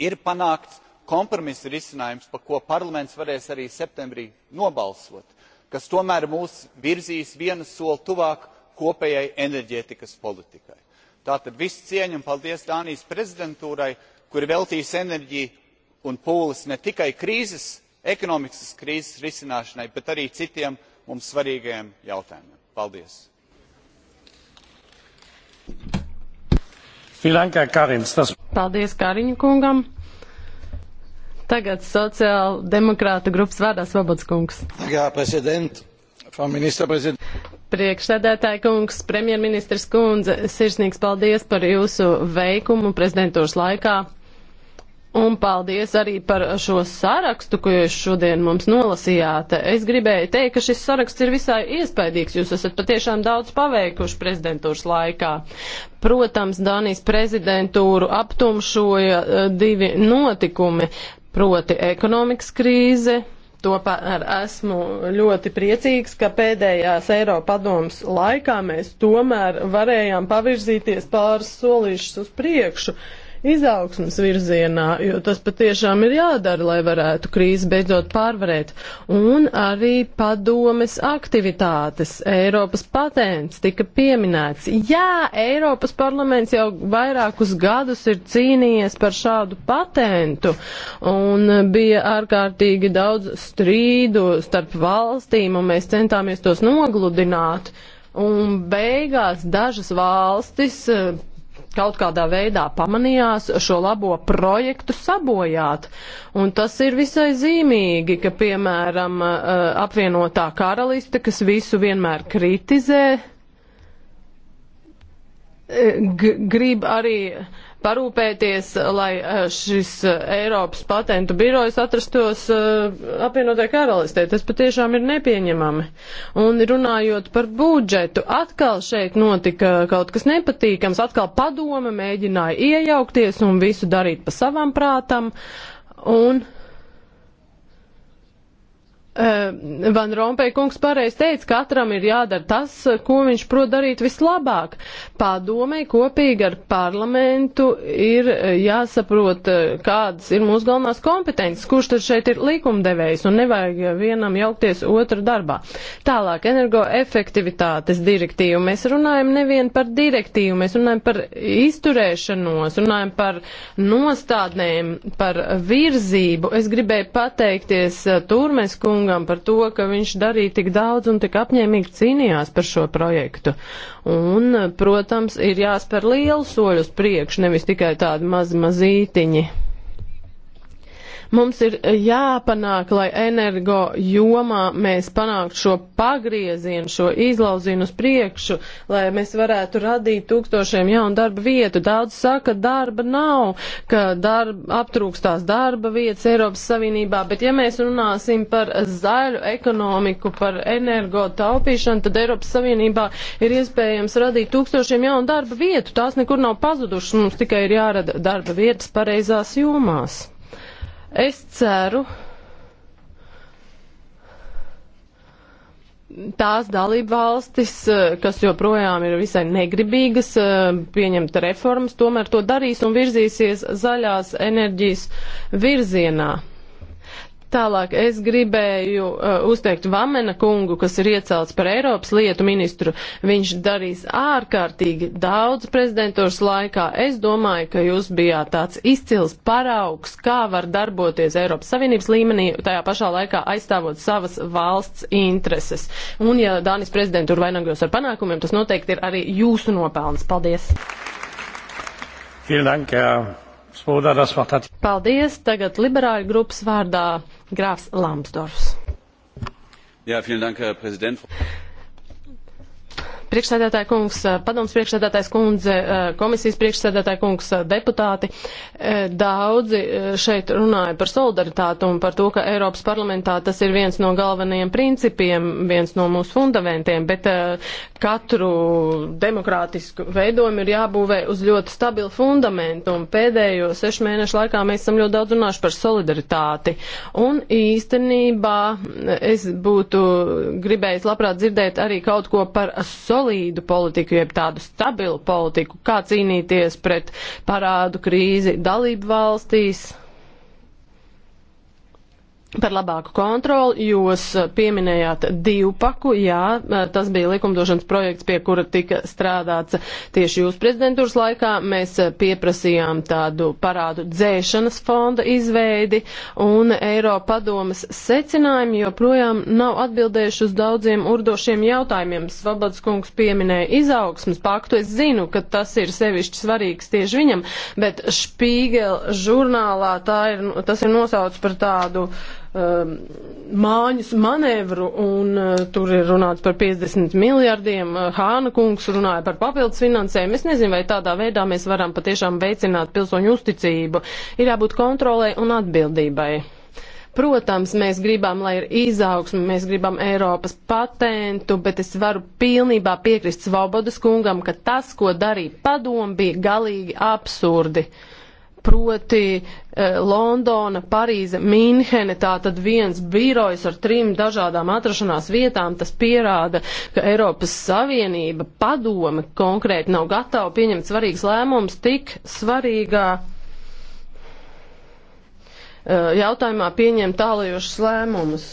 ir panākts kompromisa risinājums, par ko parlaments varēs arī septembrī nobalsot, kas tomēr mūs virzīs vienu soli tuvāk kopējai enerģētikas politikai. Tātad viss cieņa un paldies Dānijas prezidentūrai, kuri veltīs enerģiju un pūles ne tikai krīzes ekonomikas krīzes risināšanai bet arī citiem mums svarīgiem jautājumiem. Paldies! Paldies Kāriņu kungam. Tagad sociāla demokrāta grupas vārdā Svobods kungs. Jā, prezident, Frau Ministerpräsident. Priekšsēdētāja kungs, premjerministrs kundze, sirsnīgs paldies par jūsu veikumu prezidentūras laikā. Un paldies arī par šo sarakstu, ko jūs šodien mums nolasījāt. Es gribēju teikt, ka šis saraksts ir visai iespaidīgs. Jūs esat patiešām daudz paveikuši prezidentūras laikā. Protams, Dānijas prezidentūru aptumšoja e, divi notikumi, proti ekonomikas krīze Tomēr esmu ļoti priecīgs, ka pēdējās Eiropa padomas laikā mēs tomēr varējām pavirzīties pāris solīšus uz priekšu. Uh, izaugsmas virzienā, jo tas patiešām ir jādara, lai varētu krīzi beidzot pārvarēt. Un arī padomes aktivitātes, Eiropas patents tika pieminēts. Jā, Eiropas parlaments jau vairākus gadus ir cīnījies par šādu patentu, un bija ārkārtīgi daudz strīdu starp valstīm, un mēs centāmies tos nogludināt. Un beigās dažas valstis kaut kādā veidā pamanījās, šo labo projektu sabojāt. Un tas ir visai zīmīgi, ka, piemēram, eh, apvienotā karaliste, kas visu vienmēr kritizē, eh, grib arī parūpēties, lai eh, šis eh, Eiropas patentu birojs atrastos eh, apvienotā karalistē. Tas patiešām ir nepieņemami. Un runājot par budžetu, atkal šeit notika kaut kas nepatīkams, atkal padome mēģināja iejaukties un visu darīt pa savam prātam. Un uh, Eh, Van Rompējkungs pareiz teica, katram ir jādara tas, ko viņš prot darīt vislabāk. Pārdomai kopīgi ar parlamentu ir eh, jāsaprot, eh, kādas ir mūsu galvenās kompetences, kurš tad šeit ir likumdevējs un nevajag vienam jaukties otru darbā. Tālāk, energoefektivitātes direktīvu. Mēs runājam nevien par direktīvu, mēs runājam par izturēšanos, runājam par nostādnēm, par virzību. Es gribēju pateikties Turmes kungu kungam par to, ka viņš darīja tik daudz un tik apņēmīgi cīnījās par šo projektu. Un, protams, ir jāspēr lielu soļus priekš, nevis tikai tādi mazi mazītiņi. Mums ir eh, jāpanāk, lai energo jomā mēs panāktu šo pagriezienu, šo izlauzienu uz priekšu, lai mēs varētu radīt tūkstošiem jaunu darba vietu. Daudz saka, darba nav, ka darba, aptrūkstās darba vietas Eiropas Savienībā, bet ja mēs runāsim par zaļu ekonomiku, par energo taupīšanu, tad Eiropas Savienībā ir iespējams radīt tūkstošiem jaunu darba vietu. Tās nekur nav pazudušas, mums tikai ir jārada darba vietas pareizās jomās. Es ceru, tās dalība valstis, eh, kas joprojām ir visai negribīgas eh, pieņemt reformas, tomēr to darīs un virzīsies zaļās enerģijas virzienā. Tālāk es gribēju uh, uzteikt Vamena kungu, kas ir iecelts par Eiropas lietu ministru. Viņš darīs ārkārtīgi daudz prezidentūras laikā. Es domāju, ka jūs bijāt tāds izcils paraugs, kā var darboties Eiropas Savienības līmenī, tajā pašā laikā aizstāvot savas valsts intereses. Un ja Dānis prezidentūra vainagos ar panākumiem, tas noteikti ir arī jūsu nopelns. Paldies! Vielen Dank, Herr Paldies. Tagad liberāļu grupas vārdā Grāfs Lambsdorfs. Jā, ja, vielen dank, Herr Präsident. Priekšsēdētāja kungs, eh, padoms priekšsēdētājs kundze, eh, komisijas priekšsēdētāja kungs, eh, deputāti, daudzi šeit runāja par solidaritātu un par to, ka Eiropas parlamentā tas ir viens no galvenajiem principiem, viens no mūsu fundamentiem, bet katru demokrātisku veidojumu ir jābūvē uz ļoti stabilu fundamentu un pēdējo sešu mēnešu laikā mēs esam ļoti daudz runājuši par solidaritāti. Un īstenībā es būtu gribējis labprāt dzirdēt arī kaut ko par solidaritāti solīdu politiku, jeb tādu stabilu politiku, kā cīnīties pret parādu krīzi dalību valstīs par labāku kontroli. Jūs eh, pieminējāt divpaku, jā, eh, tas bija likumdošanas projekts, pie kura tika strādāts tieši jūsu prezidentūras laikā. Mēs eh, pieprasījām tādu parādu dzēšanas fonda izveidi, un Eiropa padomas secinājumi joprojām nav atbildējuši uz daudziem urdošiem jautājumiem. Svabads kungs pieminēja izaugsmas paktu. Es zinu, ka tas ir sevišķi svarīgs tieši viņam, bet Špīgel žurnālā ir, tas ir nosauc par tādu uh, um, mājas manevru, un uh, tur ir runāts par 50 miljardiem. Uh, Hāna kungs runāja par papildus finansējumu. Es nezinu, vai tādā veidā mēs varam patiešām veicināt pilsoņu uzticību. Ir jābūt kontrolē un atbildībai. Protams, mēs gribam, lai ir izaugsme, mēs gribam Eiropas patentu, bet es varu pilnībā piekrist Svobodas kungam, ka tas, ko darīja padomu, bija galīgi absurdi. Uh, proti eh, Londona, Parīze, Mīnhene, tā tad viens birojs ar trim dažādām atrašanās vietām, tas pierāda, ka Eiropas Savienība padome konkrēti nav gatava pieņemt svarīgs lēmums tik svarīgā eh, jautājumā pieņemt tālajošas lēmumus.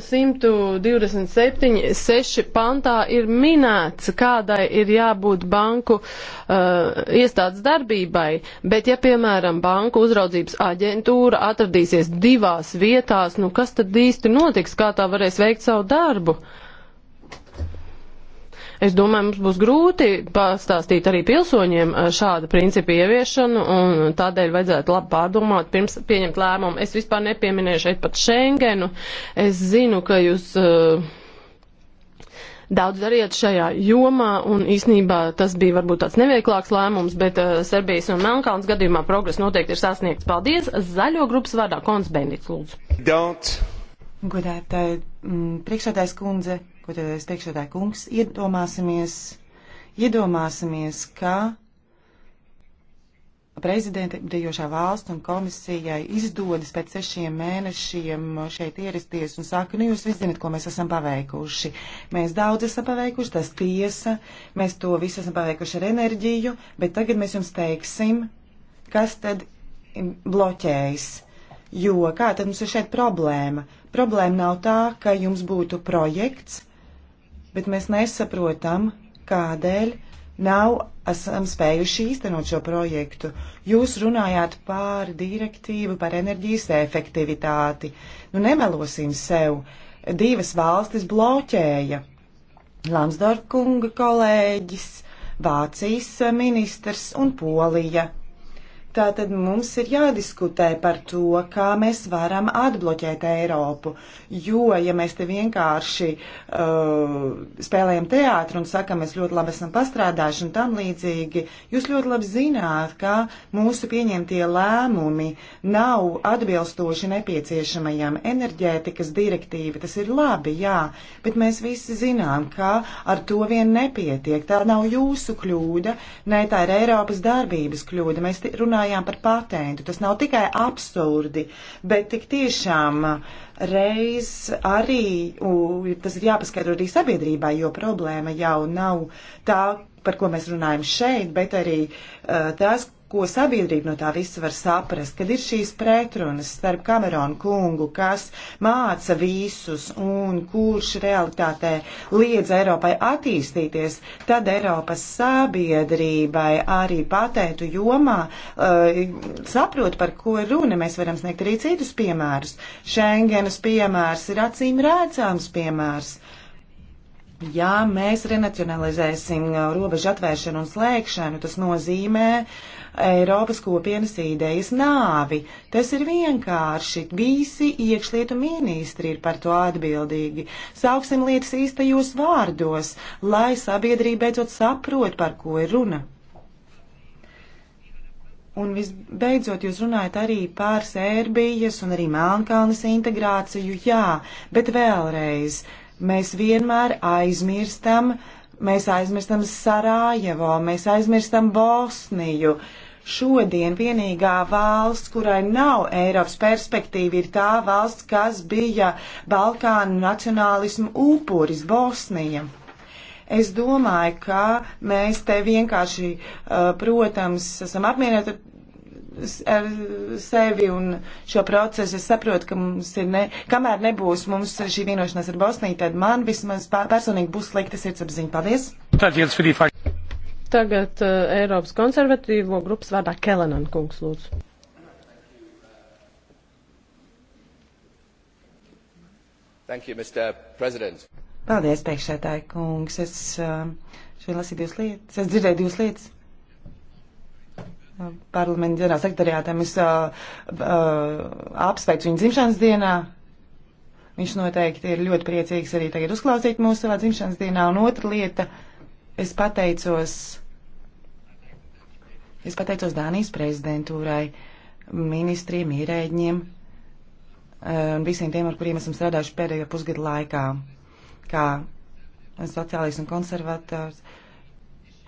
127.6 pantā ir minēts, kādai ir jābūt banku uh, iestādes darbībai, bet ja, piemēram, banku uzraudzības aģentūra atradīsies divās vietās, nu kas tad īsti notiks, kā tā varēs veikt savu darbu? Uh, Es domāju, mums būs grūti pastāstīt arī pilsoņiem eh, šādu principu ieviešanu, un tādēļ vajadzētu labi pārdomāt pirms pieņemt lēmumu. Es vispār nepieminēju šeit pat Schengenu. Es zinu, ka jūs. Uh, daudz dariet šajā jomā, un īsnībā tas bija varbūt tāds nevieglāks lēmums, bet uh, Serbijas un Melnkalnas gadījumā progress noteikti ir sasniegts. Paldies! Zaļo grupas vārdā Kons Bendits, lūdzu. Don't. Godētāji, mm, priekšsēdājas kundze, ko tad es teikšu tā kungs, iedomāsimies, iedomāsimies, ka prezidenta dejošā valsts un komisijai izdodas pēc sešiem mēnešiem šeit ierasties un saka, nu jūs visi zinat, ko mēs esam paveikuši. Mēs daudz esam paveikuši, tas tiesa, mēs to visu esam paveikuši ar enerģiju, bet tagad mēs jums teiksim, kas tad bloķējas. Jo kā tad mums ir šeit problēma? Problēma nav tā, ka jums būtu projekts, bet mēs nesaprotam, kādēļ nav esam spējuši īstenot šo projektu. Jūs runājāt pār direktīvu par enerģijas efektivitāti. Nu, nemelosim sev, divas valstis bloķēja. Lamsdorf kunga kolēģis, Vācijas ministrs un Polija Tātad mums ir jādiskutē par to, kā mēs varam atbloķēt Eiropu. Jo, ja mēs te vienkārši uh, spēlējam teātru un sakam, mēs ļoti labi esam pastrādājuši un tam līdzīgi, jūs ļoti labi zināt, ka mūsu pieņemtie lēmumi nav atbilstoši nepieciešamajam enerģētikas direktīva. Tas ir labi, jā, bet mēs visi zinām, ka ar to vien nepietiek. Tā nav jūsu kļūda, ne tā ir Eiropas darbības kļūda. Mēs runājam runājām par patentu. Tas nav tikai absurdi, bet tik tiešām reiz arī u, tas ir jāpaskaidro arī sabiedrībai, jo problēma jau nav tā, par ko mēs runājam šeit, bet arī uh, tas, ko sabiedrība no tā visa var saprast, kad ir šīs pretrunas starp Kameronu kungu, kas māca visus un kurš realitātē liedz Eiropai attīstīties, tad Eiropas sabiedrībai arī patētu jomā uh, saprot, par ko ir runa. Mēs varam sniegt arī citus piemērus. Šengenas piemērs ir acīm redzams piemērs. Uh, Ja mēs renacionalizēsim uh, robežu atvēršanu un slēgšanu, tas nozīmē uh, Eiropas kopienas idejas nāvi. Tas ir vienkārši. Visi iekšlietu ministri ir par to atbildīgi. Sauksim lietas īstajos vārdos, lai sabiedrība beidzot saprot, par ko ir runa. Un visbeidzot, jūs runājat arī par Sērbijas un arī Melnkalnes integrāciju, jā, bet vēlreiz Mēs vienmēr aizmirstam, mēs aizmirstam Sarajevo, mēs aizmirstam Bosniju. Šodien vienīgā valsts, kurai nav Eiropas perspektīva, ir tā valsts, kas bija Balkānu nacionālismu upuris - Bosnija. Es domāju, ka mēs te vienkārši, uh, protams, esam apmierināti ar sevi un šo procesu. Es saprotu, ka mums ir, ne, kamēr nebūs mums šī vienošanās ar Bosniju, tad man vismaz personīgi būs slikta sirdsapziņa. Paldies! Tagad uh, Eiropas konservatīvo grupas vārdā Kelenan kungs lūdzu. Thank you, Mr. President. Paldies, priekšsētāji kungs. Es uh, šodien lasīju divas lietas. Es dzirdēju divas lietas parlamenta ģenerāla sekretariātam. Es uh, uh, apsveicu viņu dzimšanas dienā. Viņš noteikti ir ļoti priecīgs arī tagad uzklausīt mūsu savā dzimšanas dienā. Un otra lieta, es pateicos, es pateicos Dānijas prezidentūrai, ministriem, ierēģiem uh, un visiem tiem, ar kuriem esam strādājuši pēdējo pusgadu laikā, kā sociālais un konservators. Uh,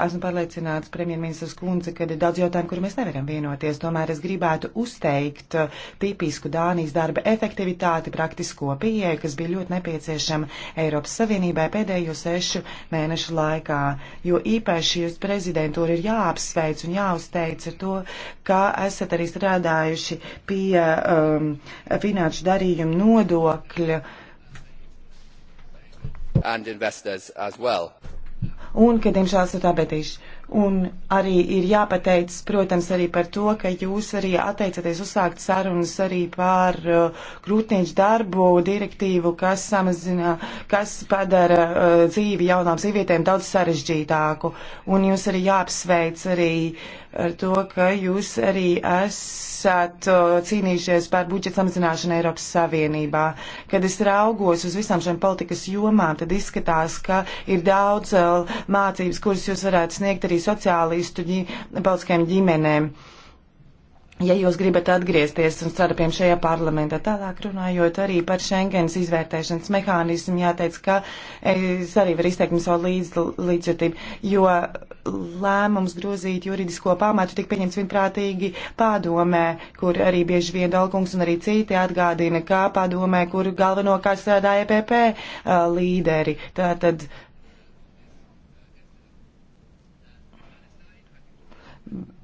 esmu pārliecināts, premjerministrs Kundze, ka ir daudz jautājumu, kur mēs nevaram vienoties. Tomēr es gribētu uzteikt uh, tipisku Dānijas darba efektivitāti, praktisko pieeju, kas bija ļoti nepieciešama Eiropas Savienībai pēdējo sešu mēnešu laikā. Jo īpaši jūs prezidentūru ir jāapsveic un jāuzteic ar to, ka esat arī strādājuši pie um, finanšu darījumu nodokļa. And investors as well un ka, diemžēl, esat abedīši. Un arī ir jāpateicas, protams, arī par to, ka jūs arī atteicaties uzsākt sarunas arī par uh, grūtnieču darbu direktīvu, kas samazina, kas padara uh, dzīvi jaunām sievietēm daudz sarežģītāku. Un jūs arī jāapsveic arī ar to, ka jūs arī esat uh, cīnījušies par budžeta samazināšanu Eiropas Savienībā. Kad es raugos uz visām šiem politikas jomām, tad izskatās, ka ir daudz uh, mācības, kuras jūs varētu sniegt arī arī sociālistu ģi, balskajām ģimenēm. Ja jūs gribat atgriezties un starpiem šajā parlamentā, tālāk runājot arī par Schengens izvērtēšanas mehānismu, jāteic, ka es arī varu izteikt savu līdz, līdzjūtību, jo lēmums grozīt juridisko pamatu tika pieņemts vienprātīgi padomē, kur arī bieži vien Dalkungs un arī citi atgādina, kā padomē, kur galvenokārt strādā EPP uh, līderi. Tātad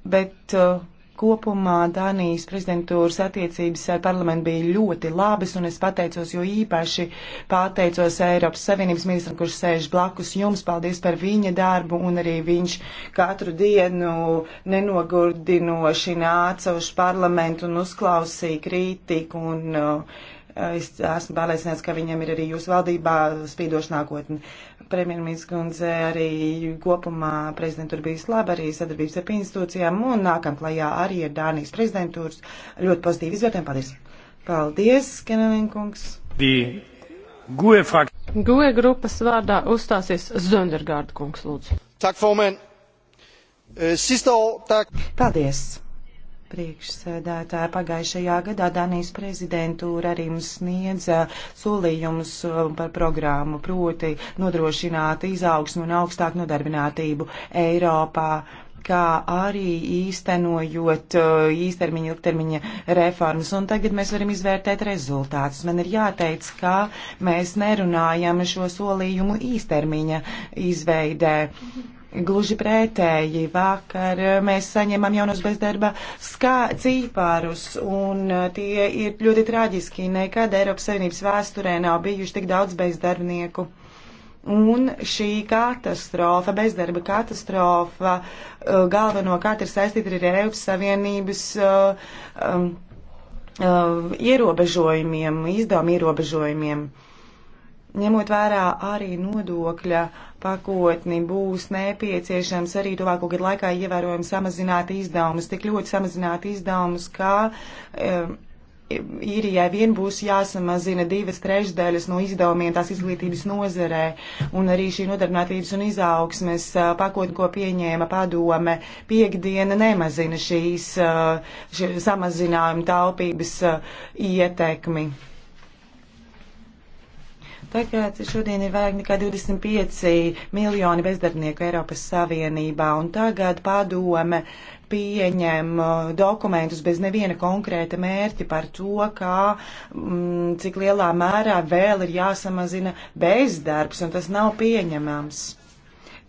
bet uh, kopumā Dānijas prezidentūras attiecības ar parlamentu bija ļoti labas, un es pateicos, jo īpaši pateicos Eiropas Savienības ministram, kurš sēž blakus jums. Paldies par viņa darbu, un arī viņš katru dienu nenogurdinoši nāca uz parlamentu un uzklausīja kritiku. Un, uh, Es esmu pārliecināts, ka viņam ir arī jūsu valdībā spīdoša nākotne. Uh, premjerministrs kundze arī kopumā prezidentūra bijis laba, arī sadarbības ar institūcijām un nākam klajā arī ar Dānijas prezidentūras ļoti pozitīvi izvērtējumu. Paldies! Paldies, Kenelīnkungs! GUE, frak... GUE grupas vārdā uzstāsies Zondergārda kungs, lūdzu. Tak, formen. Eh, Sisto, tak. Paldies! Priekšsēdētāja pagājušajā gadā Danijas prezidentūra arī mums sniedza solījumus um, par programmu, proti nodrošināt izaugsmu un augstāku nodarbinātību Eiropā kā arī īstenojot uh, īstermiņa, ilgtermiņa reformas. Un tagad mēs varam izvērtēt rezultātus. Man ir jāteic, ka mēs nerunājam šo solījumu īstermiņa izveidē. Mm -hmm Gluži pretēji, vakar mēs saņemam jaunos bezdarba cīpārus, un e, tie ir ļoti traģiski. Nekad Eiropas Savienības vēsturē nav bijuši tik daudz bezdarbnieku. Un šī katastrofa, bezdarba katastrofa, e, galvenokārt ir saistīta arī ar Eiropas Savienības uh, um, uh, ierobežojumiem, izdevuma ierobežojumiem. Ņemot vērā arī nodokļa uh, pakotni būs nepieciešams arī tuvāko gadu laikā ievērojami samazināt izdevumus, tik ļoti samazināt izdevumus, ka um, īrijai vien būs jāsamazina divas trešdaļas no izdevumiem tās izglītības nozerē, un arī šī nodarbinātības un izaugsmes eh, pakotni, ko pieņēma padome, piekdiena nemazina šīs eh, šī samazinājuma taupības eh, ietekmi. Tagad šodien ir vairāk nekā 25 miljoni bezdarbnieku Eiropas Savienībā, un tagad padome pieņem uh, dokumentus bez neviena konkrēta mērķa par to, kā, m, mm, cik lielā mērā vēl ir jāsamazina bezdarbs, un tas nav pieņemams.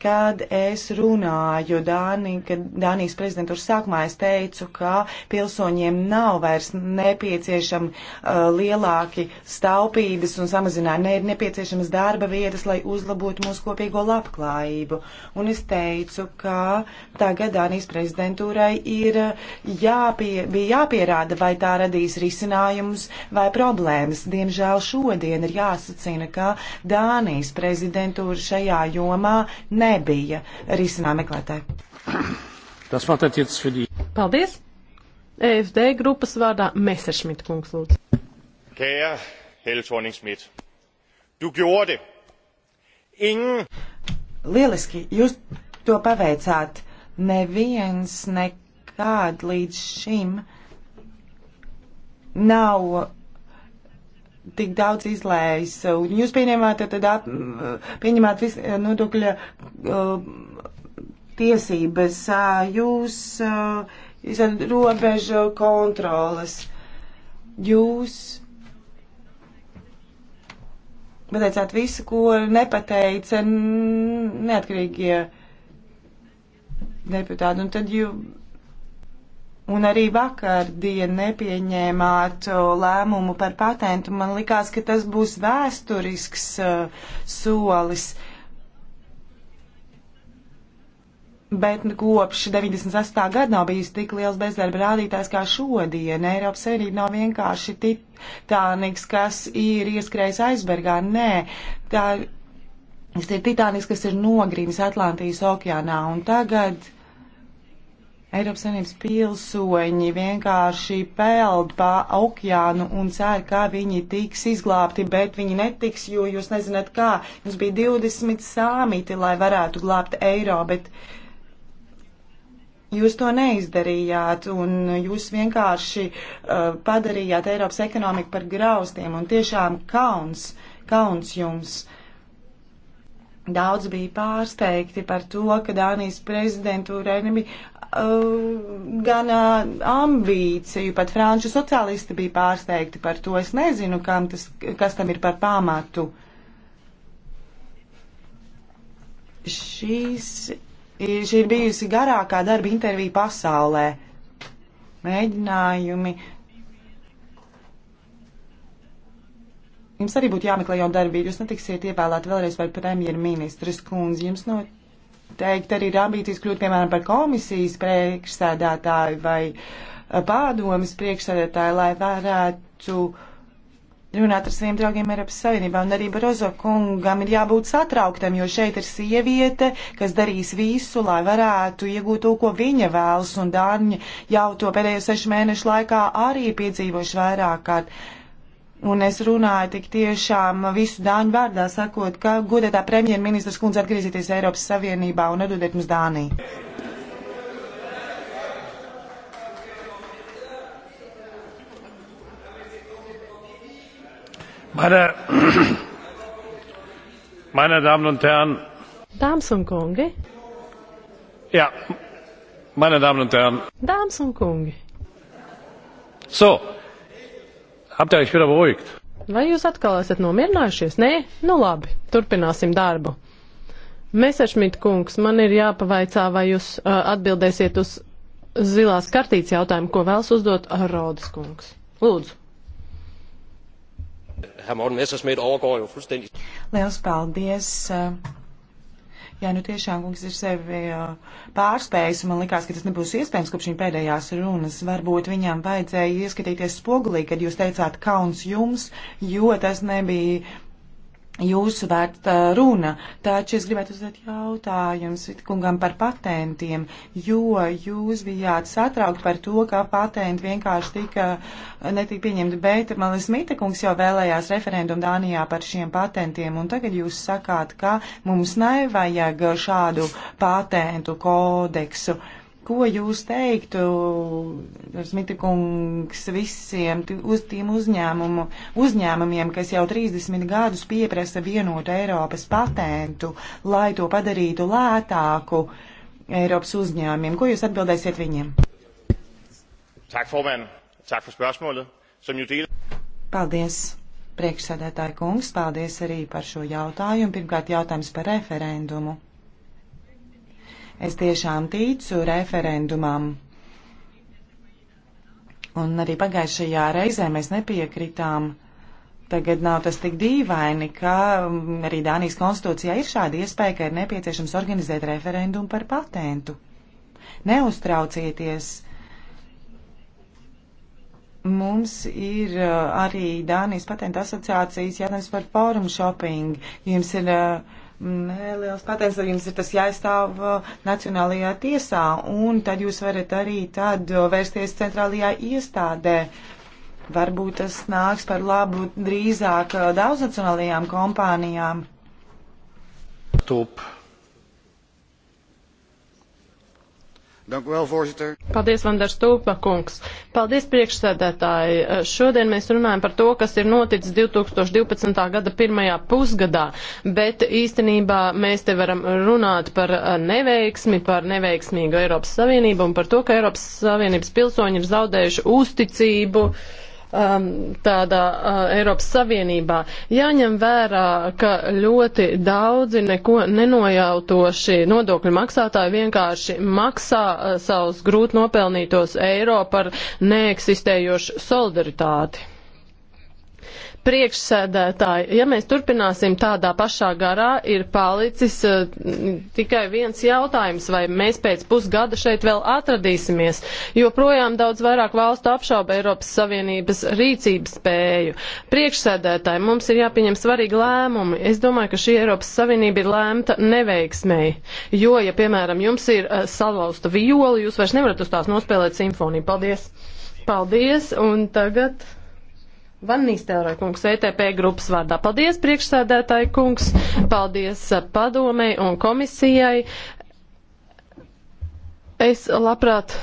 Kad es runāju Dāni, kad Dānijas prezidentūras sākumā, es teicu, ka pilsoņiem nav vairs nepieciešami uh, lielāki staupības un samazinājumi. Ne ir nepieciešamas darba vietas, lai uzlabotu mūsu kopīgo labklājību. Un es teicu, ka tagad Dānijas prezidentūrai ir uh, jāpie, bija jāpierāda, vai tā radīs risinājumus vai problēmas. Diemžēl šodien ir jāsacina, ka Dānijas prezidentūra šajā jomā ne nebija risinājuma meklētāji. Paldies! EFD grupas vārdā Messerschmidt kungs lūdzu. Kære Helle thorning Schmidt, du gjorde det. Ingen... Lieliski, jūs to paveicāt. Neviens nekād līdz šim nav tik daudz izlējis. Un jūs pieņemāt, tad ap, pieņemāt vis, nodokļa uh, tiesības, uh, jūs uh, esat robežu kontrolas, jūs pateicāt visu, ko nepateica neatkarīgie deputāti. Un tad jūs Un arī vakardien nepieņēmāt lēmumu par patentu. Man likās, ka tas būs vēsturisks uh, solis. Bet kopš 98. gada nav bijis tik liels bezdarba rādītājs kā šodien. Eiropas Savienība nav vienkārši titāniks, kas ir ieskrējis aizbergā. Nē, tā, tas ir titāniks, kas ir nogrimis Atlantijas okeānā. Un tagad Eiropas Savienības pilsoņi vienkārši peld pa okeānu un cer, ka viņi tiks izglābti, bet viņi netiks, jo jūs nezināt kā. Jums bija 20 sāmīti, lai varētu glābt eiro, bet jūs to neizdarījāt un jūs vienkārši uh, padarījāt Eiropas ekonomiku par graustiem un tiešām kauns, kauns jums. Uh, Daudz bija pārsteigti par to, ka Dānijas prezidentūrai nebija Uh, gan uh, ambīciju, pat franču sociālisti bija pārsteigti par to. Es nezinu, tas, kas tam ir par pamatu. Šīs, šī ir bijusi garākā darba intervija pasaulē. Mēģinājumi. Jums arī būtu jāmeklē jau darbība. Jūs netiksiet ievēlēt vēlreiz par premjerministras kundzi. Jums no teikt, arī ir ambīcijas kļūt, piemēram, par komisijas priekšsēdētāju vai eh, pārdomas priekšsēdētāju, lai varētu runāt ar saviem draugiem Eiropas Savienībā. Un arī Barozo kungam ir jābūt satrauktam, jo šeit ir sieviete, kas darīs visu, lai varētu iegūt to, ko viņa vēlas. Un Dāņi jau to pēdējo sešu mēnešu laikā arī piedzīvoši vairāk kārt. Ar Un es runāju tik tiešām visu Dāņu vārdā, sakot, ka godētā premjerministras kundze atgriezīties Eiropas Savienībā un nedodiet mums Dāniju. Meine, <clears throat> meine Damen und Herren. Dāmas un kungi. Jā, ja, meine Damen und Herren. Dāmas un kungi. So. Aptēju, es varu beruhigt. Vai jūs atkal esat nomierinājušies? Nē, nu labi, turpināsim darbu. Mesešmit kungs, man ir jāpavaicā, vai jūs uh, atbildēsiet uz zilās kartītes jautājumu, ko vēlas uzdot Rodas kungs. Lūdzu. Liels paldies. Uh, Jā, nu tiešām kungs ir sevi pārspējis, un man likās, ka tas nebūs iespējams kopš viņa pēdējās runas. Varbūt viņam vajadzēja ieskatīties spogulī, kad jūs teicāt kauns jums, jo tas nebija jūsu vērta runa, taču es gribētu uzdot jautājumus Vitkungam par patentiem, jo jūs bijāt satraukti par to, ka patenti vienkārši tika, netika pieņemti, bet Malis Mitekungs jau vēlējās referendumu Dānijā par šiem patentiem, un tagad jūs sakāt, ka mums nevajag šādu patentu kodeksu. Uh, Ko jūs teiktu, Smita kungs, visiem uz tiem uzņēmumu, uzņēmumiem, kas jau 30 gadus pieprasa vienotu Eiropas patentu, lai to padarītu lētāku Eiropas uzņēmumiem? Ko jūs atbildēsiet viņiem? Tak, formand. Tak for spørgsmålet, som jo deler. Paldies, priekšsēdētāji kungs. Paldies arī par šo jautājumu. Pirmkārt, jautājums par referendumu. Es tiešām ticu referendumam. Un arī pagājušajā reizē mēs nepiekritām. Tagad nav tas tik dīvaini, ka um, arī Dānijas konstitūcijā ir šāda iespēja, ka ir nepieciešams organizēt referendumu par patentu. Neuztraucieties! Mums ir uh, arī Dānijas patentu asociācijas jautājums par fórumu shopping. Jums ir uh, Nē, liels pateicis, jums ir tas jāizstāv uh, Nacionālajā tiesā, un tad jūs varat arī tad uh, vērsties centrālajā iestādē. Varbūt tas nāks par labu drīzāk uh, daudznacionālajām kompānijām. Top. Dank u wel, voorzitter. Paldies, Vandars Tūpa kungs. Paldies, priekšsēdētāji. Eh, šodien mēs runājam par to, kas ir noticis 2012. gada pirmajā pusgadā, bet īstenībā mēs te varam runāt par eh, neveiksmi, par neveiksmīgu Eiropas Savienību un par to, ka Eiropas Savienības pilsoņi ir zaudējuši uzticību. Uh, um, tādā uh, Eiropas Savienībā. Jāņem vērā, ka ļoti daudzi neko nenojautoši nodokļu maksātāji vienkārši maksā uh, savus grūti nopelnītos eiro par neeksistējošu solidaritāti priekšsēdētāji, ja mēs turpināsim tādā pašā garā, ir palicis uh, tikai viens jautājums, vai mēs pēc pusgada šeit vēl atradīsimies, jo projām daudz vairāk valstu apšauba Eiropas Savienības rīcības spēju. Priekšsēdētāji, mums ir jāpieņem svarīgi lēmumi. Es domāju, ka šī Eiropas Savienība ir lēmta neveiksmēji, jo, ja, piemēram, jums ir uh, salausta viola, jūs vairs nevarat uz tās nospēlēt simfoniju. Paldies! Paldies! Un tagad. Vannīstēlē kungs, ETP grupas vārdā. Paldies, priekšsēdētāji kungs, paldies eh, padomei un komisijai. Es labprāt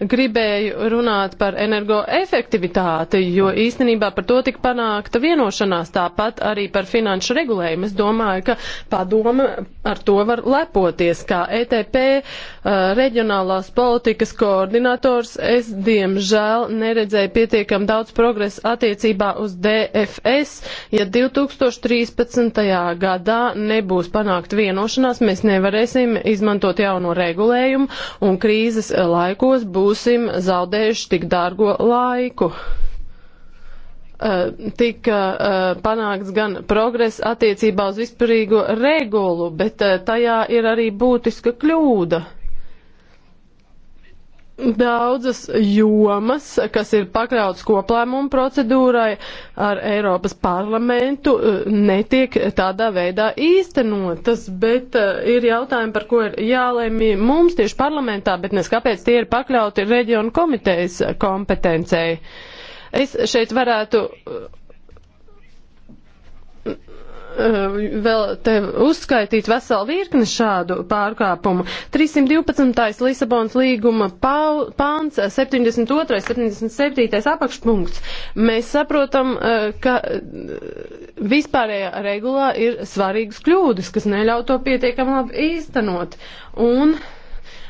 gribēju runāt par energoefektivitāti, jo īstenībā par to tika panākta vienošanās, tāpat arī par finanšu regulējumu. Es domāju, ka padome ar to var lepoties, kā ETP eh, reģionālās politikas koordinators. Es, diemžēl, neredzēju pietiekam daudz progresu attiecībā uz DFS. Ja 2013. gadā nebūs panākt vienošanās, mēs nevarēsim izmantot jauno regulējumu un krīzes laikos būs būsim zaudējuši tik dārgo laiku eh, tika eh, panākts gan progress attiecībā uz vispārīgo regulu, bet eh, tajā ir arī būtiska kļūda. Daudzas jomas, kas ir pakļautas koplēmumu procedūrai ar Eiropas parlamentu, eh, netiek tādā veidā īstenotas, bet eh, ir jautājumi, par ko ir jālēmī mums tieši parlamentā, bet nes kāpēc tie ir pakļauti reģionu komitejas kompetencei. Es šeit varētu Ehm, vēl te uzskaitīt veselu virkni šādu pārkāpumu. 312. Lisabonas līguma pāns, 72. 77. apakšpunkts. Mēs saprotam, eh, ka eh, vispārējā regulā ir svarīgas kļūdas, kas neļauj to pietiekam labi īstenot. Un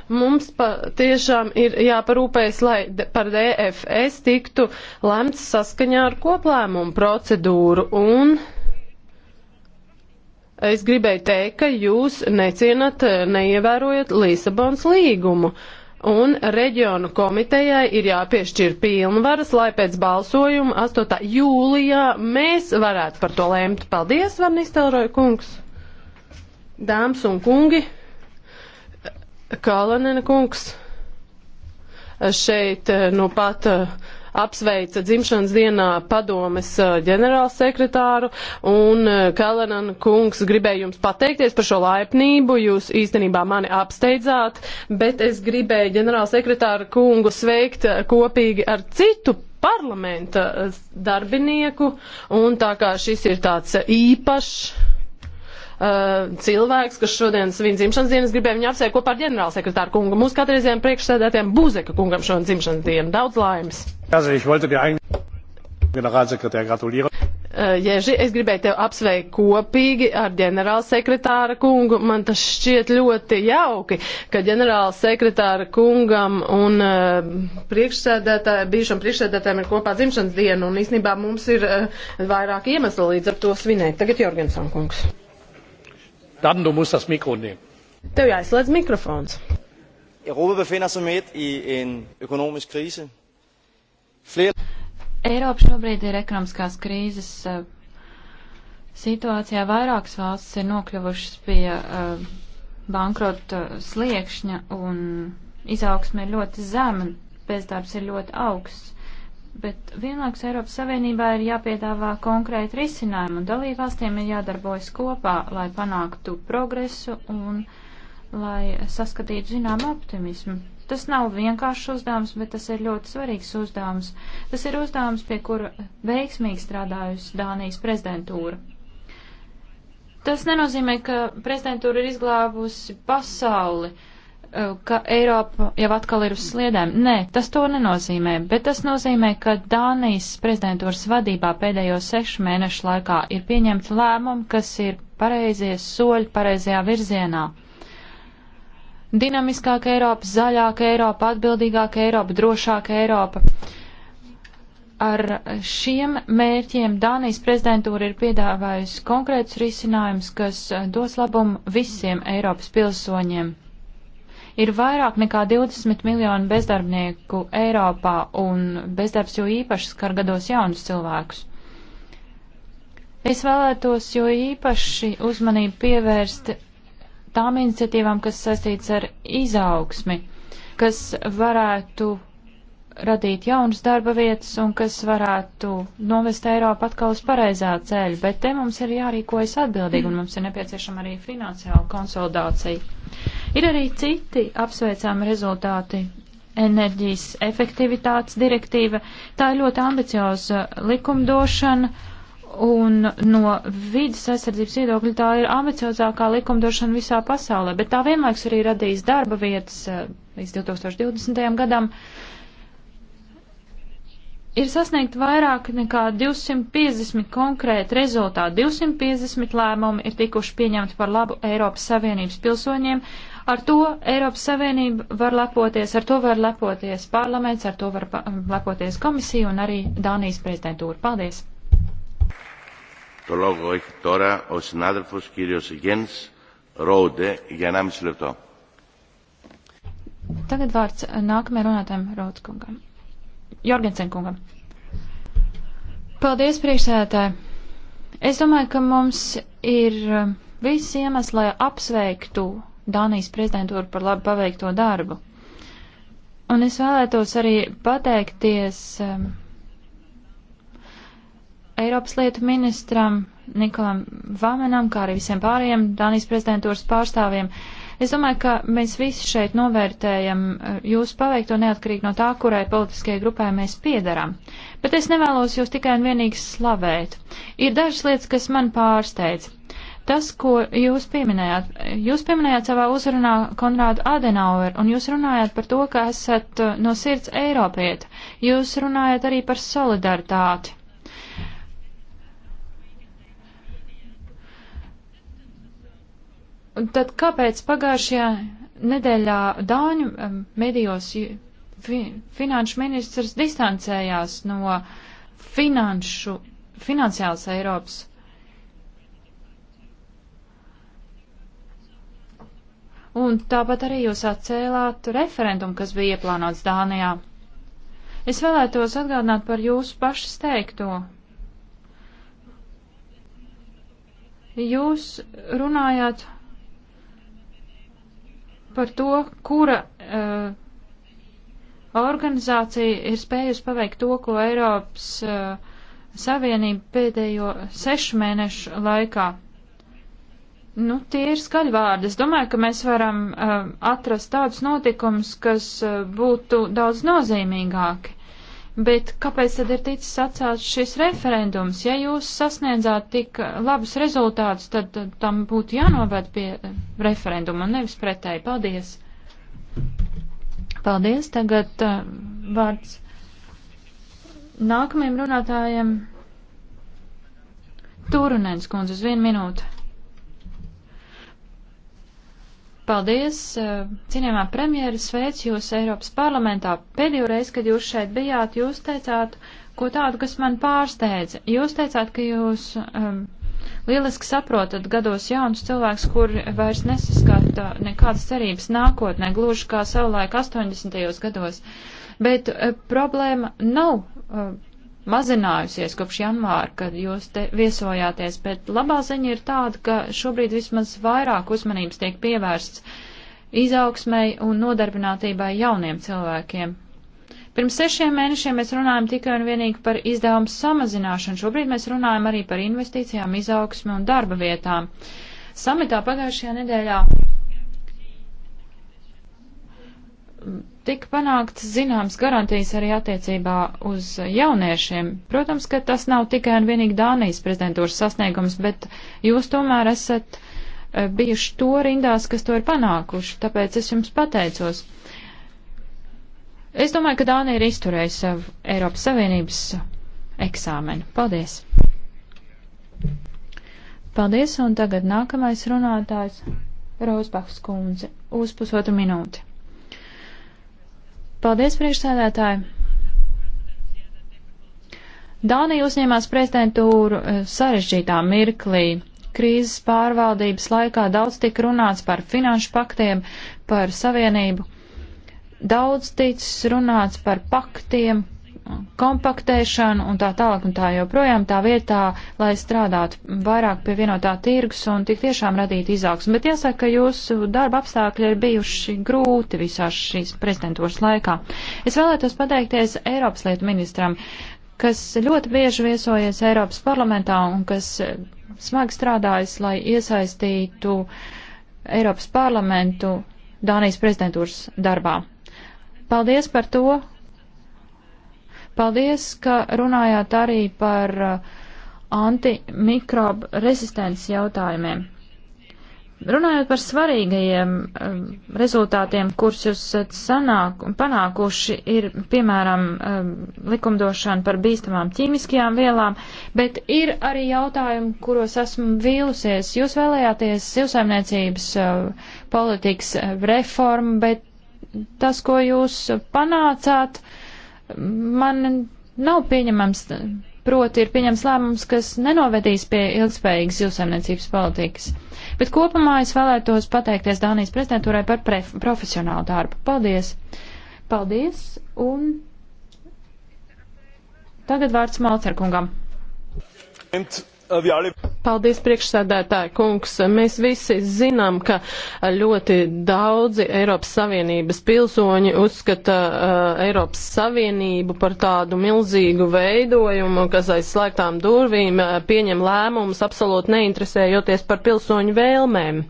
mums patiešām ir jāparūpējas, lai par DFS tiktu lemts saskaņā ar koplēmumu procedūru un Es gribēju teikt, ka jūs necienat, eh, neievērojat Lisabons līgumu. Un reģionu komitejai ir jāpiešķir pilnvaras, lai pēc balsojuma 8. jūlijā mēs varētu par to lēmt. Paldies, Varnistelroja kungs! Dāmas un kungi, Kalanena kungs, šeit eh, nu pat uh, apsveica dzimšanas dienā padomes eh, ģenerālsekretāru un eh, Kalanan kungs gribēju jums pateikties par šo laipnību. Jūs īstenībā mani apsteidzāt, bet es gribēju ģenerālsekretāru kungu sveikt eh, kopīgi ar citu parlamenta darbinieku un tā kā šis ir tāds īpašs cilvēks, kas šodien svin dzimšanas dienas, gribēja viņu apsveikt kopā ar ģenerālsekretāru kungu. Mūsu kādreizējiem priekšsēdētājiem Buzeka kungam šodien dzimšanas diena. Daudz laimes! Generālsekretāri gratuliere. Äh, Ježi, es gribēju tevi apsveikt kopīgi ar ģenerālsekretāra kungu. Man tas šķiet ļoti jauki, ka ģenerālsekretāra kungam un äh, priekšsēdētāja, bijušam priekšsēdētājiem ir kopā dzimšanas diena, un īstenībā mums ir äh, vairāk iemesli līdz ar to svinēt. Tagad Jorgensan kungs. Dan du musst das Mikro nehmen. Tev jāizslēdz mikrofons. Europa befinder sig midt i en økonomisk krise. Eiropa šobrīd ir ekonomiskās krīzes eh, situācijā. Vairākas valstis ir nokļuvušas pie eh, bankrota sliekšņa un izaugsme ir ļoti zema, bezdarbs ir ļoti augsts. Bet vienlaikus Eiropas Savienībā ir jāpiedāvā konkrēti risinājumi, un dalībvalstīm ir jādarbojas kopā, lai panāktu progresu un lai saskatītu zinām optimismu. Tas nav vienkāršs uzdevums, bet tas ir ļoti svarīgs uzdevums. Tas ir uzdevums, pie kura veiksmīgi strādājusi Dānijas prezidentūra. Tas nenozīmē, ka prezidentūra ir izglābusi pasauli, eh, ka Eiropa jau atkal ir uz sliedēm. Nē, tas to nenozīmē, bet tas nozīmē, ka Dānijas prezidentūras vadībā pēdējo sešu mēnešu laikā ir pieņemts lēmumi, kas ir pareizie soļi pareizajā virzienā dinamiskāka Eiropa, zaļāka Eiropa, atbildīgāka Eiropa, drošāka Eiropa. Ar šiem mērķiem Dānijas prezidentūra ir piedāvājusi konkrētus risinājumus, kas dos labumu visiem Eiropas pilsoņiem. Ir vairāk nekā 20 miljonu bezdarbnieku Eiropā, un bezdarbs jau īpaši skar gados jaunus cilvēkus. Es vēlētos jo īpaši uzmanību pievērst tām iniciatīvām, kas saistīts ar izaugsmi, kas varētu radīt jaunas darba vietas un kas varētu novest Eiropu atkal uz pareizā ceļa, bet te mums ir jārīkojas atbildīgi un mums ir nepieciešama arī finansiāla konsolidācija. Ir arī citi apsveicami rezultāti enerģijas efektivitātes direktīva. Tā ir ļoti ambicioza likumdošana, Un no vidas aizsardzības viedokļa tā ir ambiciozākā likumdošana visā pasaulē, bet tā vienlaiks arī radīs darba vietas eh, līdz 2020. gadam. Ir sasniegt vairāk nekā 250 konkrēti rezultāti. 250 lēmumi ir tikuši pieņemti par labu Eiropas Savienības pilsoņiem. Ar to Eiropas Savienība var lepoties, ar to var lepoties parlaments, ar to var lepoties komisija un arī Dānijas prezidentūra. Paldies! Το λόγο έχει τώρα ο συνάδελφος κύριος Γιένς Ρόουντε για 1,5 λεπτό. Tagad vārds nākamajam runātājam Rauds kungam. Jorgensen kungam. Paldies, priekšsēdētāji. Es domāju, ka mums ir um, viss iemesls, lai apsveiktu Dānijas prezidentūru par labi paveikto darbu. Un es vēlētos arī pateikties um, Eiropas lietu ministram Nikolam Vamenam, kā arī visiem pārējiem Dānijas prezidentūras pārstāvjiem. Es domāju, ka mēs visi šeit novērtējam eh, jūsu paveikto neatkarīgi no tā, kurai politiskajai grupai mēs piedaram. Bet es nevēlos jūs tikai un vienīgi slavēt. Ir dažas lietas, kas man pārsteidz. Tas, ko jūs pieminējāt, jūs pieminējāt savā uzrunā Konrādu Adenaueru, un jūs runājāt par to, ka esat eh, no sirds Eiropieta. Jūs runājat arī par solidaritāti. Un tad kāpēc pagājušajā nedēļā Dāņu medijos fi, finanšu ministrs distancējās no finanšu, finansiālas Eiropas? Un tāpat arī jūs atcēlāt referendumu, kas bija ieplānots Dānijā. Es vēlētos atgādināt par jūsu pašas teikto, jūs runājāt par to, kura uh, organizācija ir spējusi paveikt to, ko Eiropas uh, Savienība pēdējo sešu mēnešu laikā. Nu, tie ir skaļi vārdi. Es domāju, ka mēs varam uh, atrast tādus notikumus, kas uh, būtu daudz nozīmīgāki. Bet kāpēc tad ir ticis atcelts šis referendums? Ja jūs sasniedzāt tik labus rezultātus, tad tam būtu jānovērt pie referenduma un nevis pretēji. Paldies! Paldies! Tagad uh, vārds nākamajam runātājam. Turunens kundze uz vienu minūtu. Paldies, eh, cienījamā premjera, sveic jūs Eiropas parlamentā. Pēdējo reizi, kad jūs šeit bijāt, jūs teicāt, ko tādu, kas man pārsteidza. Jūs teicāt, ka jūs um, lieliski saprotat gados jaunus cilvēkus, kur vairs nesaskata nekādas cerības nākotnē, gluži kā savulaik 80. gados. Bet uh, problēma nav. Uh, mazinājusies kopš janvāra, kad jūs te viesojāties, bet labā ziņa ir tāda, ka šobrīd vismaz vairāk uzmanības tiek pievērsts izaugsmai un nodarbinātībai jauniem cilvēkiem. Pirms sešiem mēnešiem mēs runājam tikai un vienīgi par izdevumu samazināšanu, šobrīd mēs runājam arī par investīcijām, izaugsmi un darba vietām. Samitā pagājušajā nedēļā tika panākts zināms garantijas arī attiecībā uz jauniešiem. Protams, ka tas nav tikai un vienīgi Dānijas prezidentūras sasniegums, bet jūs tomēr esat eh, bijuši to rindās, kas to ir panākuši, tāpēc es jums pateicos. Es domāju, ka Dānija ir izturējusi savu Eiropas Savienības eksāmenu. Paldies! Paldies, un tagad nākamais runātājs Rozbachs kundze uz pusotru minūti. Paldies, priekšsēdētāji! Dānija uzņēmās prezidentūru eh, sarežģītā mirklī. Krīzes pārvaldības laikā daudz tika runāts par finanšu paktiem, par savienību. Daudz ticis runāts par paktiem, kompaktēšanu un tā tālāk un tā joprojām tā vietā, lai strādātu vairāk pie vienotā tirgus un tik tiešām radītu izaugsmu. Bet jāsaka, ka jūsu darba apstākļi ir bijuši grūti visā šīs prezidentūras laikā. Es vēlētos pateikties Eiropas lietu ministram, kas ļoti bieži viesojies Eiropas parlamentā un kas smagi strādājis, lai iesaistītu Eiropas parlamentu Dānijas prezidentūras darbā. Paldies par to, Paldies, ka runājāt arī par uh, antimikrobu rezistences jautājumiem. Runājot par svarīgajiem um, rezultātiem, kurus jūs esat sanāk, panākuši, ir piemēram um, likumdošana par bīstamām ķīmiskajām vielām, bet ir arī jautājumi, kuros esmu vīlusies. Jūs vēlējāties zivsaimniecības uh, politikas uh, reformu, bet tas, ko jūs panācāt, uh, man nav pieņemams, proti ir pieņems lēmums, kas nenovedīs pie ilgspējīgas jūsaimniecības politikas. Bet kopumā es vēlētos pateikties Dānijas prezidentūrai par pref, profesionālu darbu. Paldies! Paldies! Un tagad vārds Malcerkungam. And Paldies, priekšsēdētāji kungs. Mēs visi zinām, ka ļoti daudzi Eiropas Savienības pilsoņi uzskata uh, Eiropas Savienību par tādu milzīgu veidojumu, kas aiz slēgtām durvīm uh, pieņem lēmumus, absolūti neinteresējoties par pilsoņu vēlmēm.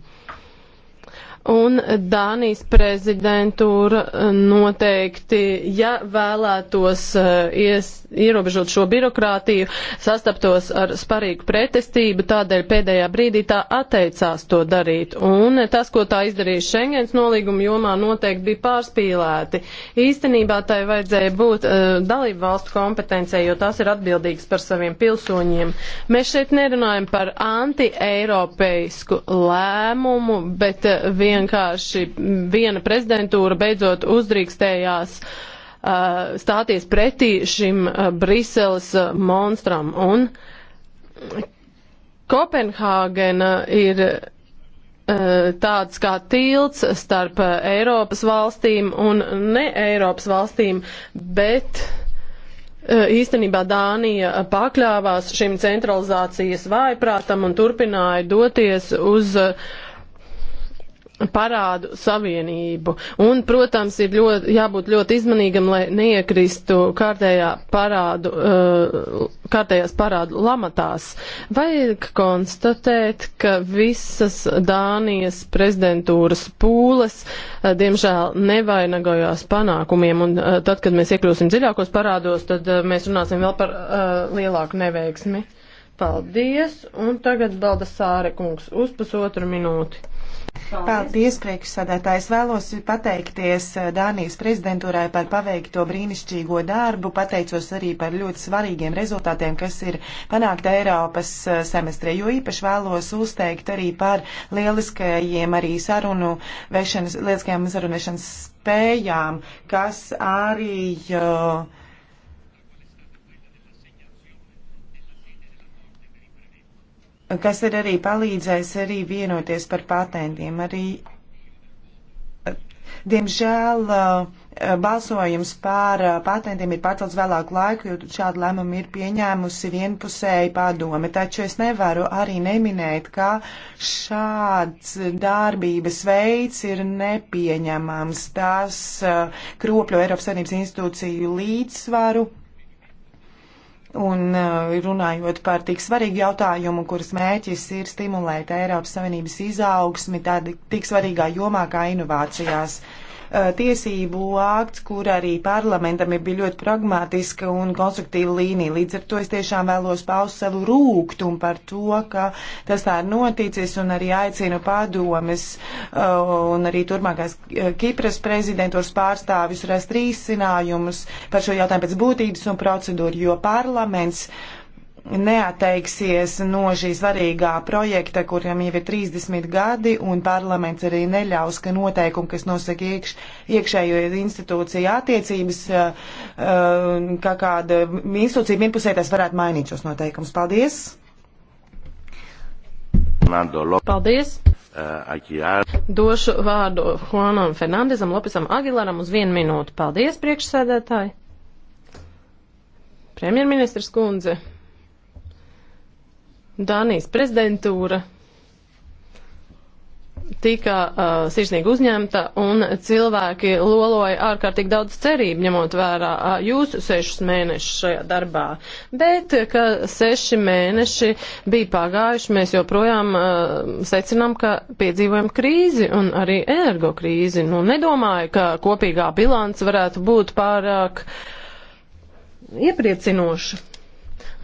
Un Dānijas prezidentūra noteikti, ja vēlētos uh, ies ierobežot šo birokrātiju, sastaptos ar sparīgu pretestību, tādēļ pēdējā brīdī tā atteicās to darīt. Un tas, ko tā izdarīja Schengens nolīguma jomā, noteikti bija pārspīlēti. Īstenībā tai vajadzēja būt uh, dalību valstu kompetencijai, jo tās ir atbildīgas par saviem pilsoņiem. Mēs šeit nerunājam par anti-eiropeisku lēmumu, bet uh, vienkārši viena prezidentūra beidzot uzdrīkstējās uh, Uh, stāties pretī šim uh, Briseles uh, monstram. Un Kopenhāgena ir tāds kā tilts starp Eiropas valstīm un ne Eiropas valstīm, bet īstenībā Dānija pakļāvās šim centralizācijas vājprātam un turpināja doties uz uh, parādu savienību. Un, protams, ir ļoti, jābūt ļoti izmanīgam, lai neiekristu kārtējā parādu, eh, kārtējās parādu lamatās. Vajag konstatēt, ka visas Dānijas prezidentūras pūles, eh, diemžēl, nevainagojās panākumiem. Un eh, tad, kad mēs iekļūsim dziļākos parādos, tad mēs runāsim vēl par uh, lielāku neveiksmi. Paldies, un tagad Baldasāre kungs uz pusotru minūti. Paldies, priekšsādātājs. Vēlos pateikties eh, Dānijas prezidentūrai par paveikto brīnišķīgo darbu. Pateicos arī par ļoti svarīgiem rezultātiem, kas ir panākta Eiropas eh, semestrē. Jo īpaši vēlos uzteikt arī par lieliskajiem arī sarunu vešanas, lieliskajām sarunvešanas spējām, kas arī. Uh, kas ir arī palīdzējis arī vienoties par patentiem. Arī, eh, diemžēl, eh, balsojums par eh, patentiem ir pacelts vēlāku laiku, jo šādu lēmumu ir pieņēmusi vienpusēji padome. Taču es nevaru arī neminēt, ka šāds darbības veids ir nepieņemams. Tas kropļo Eiropas Savienības institūciju līdzsvaru Un uh, runājot par tik svarīgu jautājumu, kuras mērķis ir stimulēt Eiropas Savienības izaugsmi tādā tik svarīgā jomā kā inovācijās. Uh, Eh, tiesību akts, kur arī parlamentam ir bija ļoti pragmatiska un konstruktīva līnija. Līdz ar to es tiešām vēlos paust savu rūgtumu par to, ka tas tā ir noticis un arī aicinu padomes eh, un arī turmākās eh, Kipras prezidentūras pārstāvis rast risinājumus par šo jautājumu pēc būtības un procedūru, jo parlaments. Uh, neatteiksies no šī svarīgā projekta, kuram jau ir 30 gadi, un parlaments arī neļaus, ka noteikumi, kas nosaka iekš, iekšējo institūciju attiecības, eh, eh, kā kāda institūcija vienpusē, tas varētu mainīt šos noteikumus. Paldies! Paldies! Eh, Došu vārdu Juanam Fernandezam, Lopesam Agilaram uz vienu minūtu. Paldies, priekšsēdētāji! Premjerministrs kundze, Dānijas prezidentūra tika uh, sirsnīgi uzņemta un cilvēki loloja ārkārtīgi daudz cerību, ņemot vērā uh, jūsu sešus mēnešus šajā darbā. Bet, ka seši mēneši bija pagājuši, mēs joprojām uh, secinām, ka piedzīvojam krīzi un arī energo krīzi. Nu, nedomāju, ka kopīgā bilants varētu būt pārāk iepriecinoša.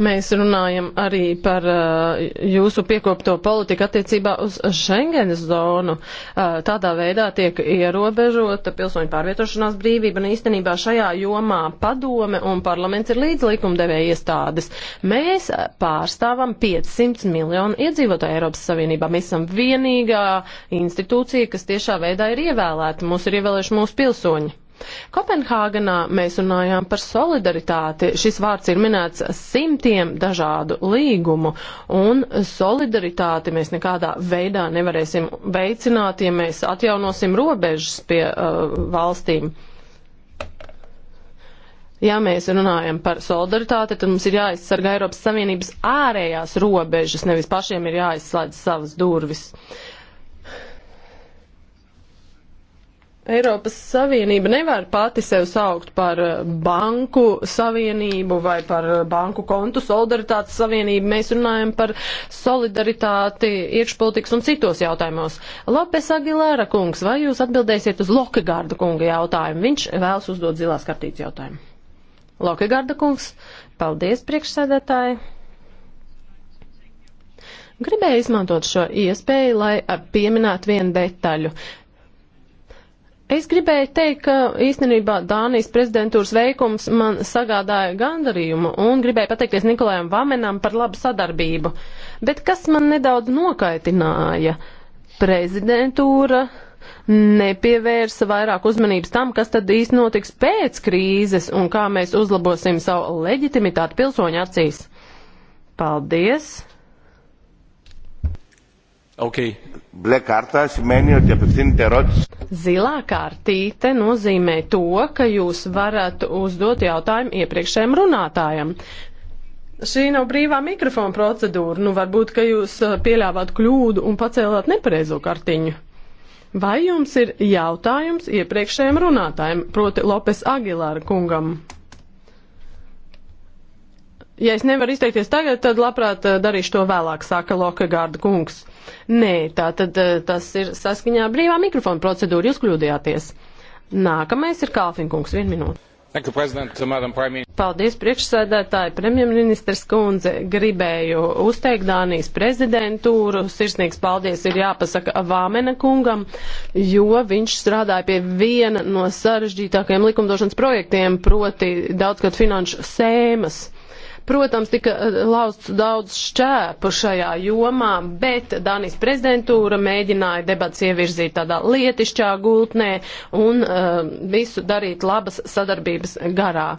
Mēs runājam arī par uh, jūsu piekopto politiku attiecībā uz Schengenes zonu. Uh, tādā veidā tiek ierobežota pilsoņu pārvietošanās brīvība, un īstenībā šajā jomā padome un parlaments ir līdzlikumdevēja iestādes. Mēs pārstāvam 500 miljonu iedzīvotāju Eiropas Savienībā. Mēs esam vienīgā institūcija, kas tiešā veidā ir ievēlēta. Mūs ir ievēlējuši mūsu pilsoņi. Kopenhāganā mēs runājām par solidaritāti. Šis vārds ir minēts simtiem dažādu līgumu, un solidaritāti mēs nekādā veidā nevarēsim veicināt, ja mēs atjaunosim robežas pie uh, valstīm. Ja mēs runājam par solidaritāti, tad mums ir jāaizsargā Eiropas Savienības ārējās robežas, nevis pašiem ir jāizslēdz savas durvis. Uh, Eiropas Savienība nevar pati sev saukt par eh, banku savienību vai par eh, banku kontu solidaritātes savienību. Mēs runājam par solidaritāti iekšpolitikas un citos jautājumos. Lopes Agilēra kungs, vai jūs atbildēsiet uz Lokegārda kunga jautājumu? Viņš vēlas uzdot zilās kartītes jautājumu. Lokegārda kungs, paldies priekšsēdētāji. Gribēju izmantot šo iespēju, lai eh, pieminētu vienu detaļu. Es gribēju teikt, ka īstenībā Dānijas prezidentūras veikums man sagādāja gandarījumu un gribēju pateikties Nikolajam Vamenam par labu sadarbību. Bet kas man nedaudz nokaitināja? Prezidentūra nepievērsa vairāk uzmanības tam, kas tad īsti notiks pēc krīzes un kā mēs uzlabosim savu leģitimitāti pilsoņu acīs. Paldies! Okay. Μπλε κάρτα σημαίνει ότι απευθύνεται ερώτηση. Zilā kārtīte nozīmē to, ka jūs varat uzdot jautājumu iepriekšējiem runātājam. Šī nav brīvā mikrofona procedūra. Nu, varbūt, ka jūs eh, pieļāvāt kļūdu un pacēlāt nepareizo kartiņu. Vai jums ir jautājums iepriekšējiem runātājiem, proti Lopes Agilāra kungam? Ja es nevaru izteikties tagad, tad labprāt eh, darīšu to vēlāk, saka Lokegārda kungs. Nē, tā tad eh, tas ir saskaņā brīvā mikrofona procedūra. Jūs kļūdījāties. Nākamais ir Kalfinkungs. Vienu minūti. Uh, paldies, priekšsēdētāji, premjerministrs kundze. Gribēju uzteikt Dānijas prezidentūru. Sirsnīgs paldies ir jāpasaka Vāmena kungam, jo viņš strādāja pie viena no sarežģītākajiem likumdošanas projektiem, proti daudzgad finanšu sēmas. Protams, tika eh, lausts daudz šķēpu šajā jomā, bet Danijas prezidentūra mēģināja debats ievirzīt tādā lietišķā gultnē un uh, visu darīt labas sadarbības garā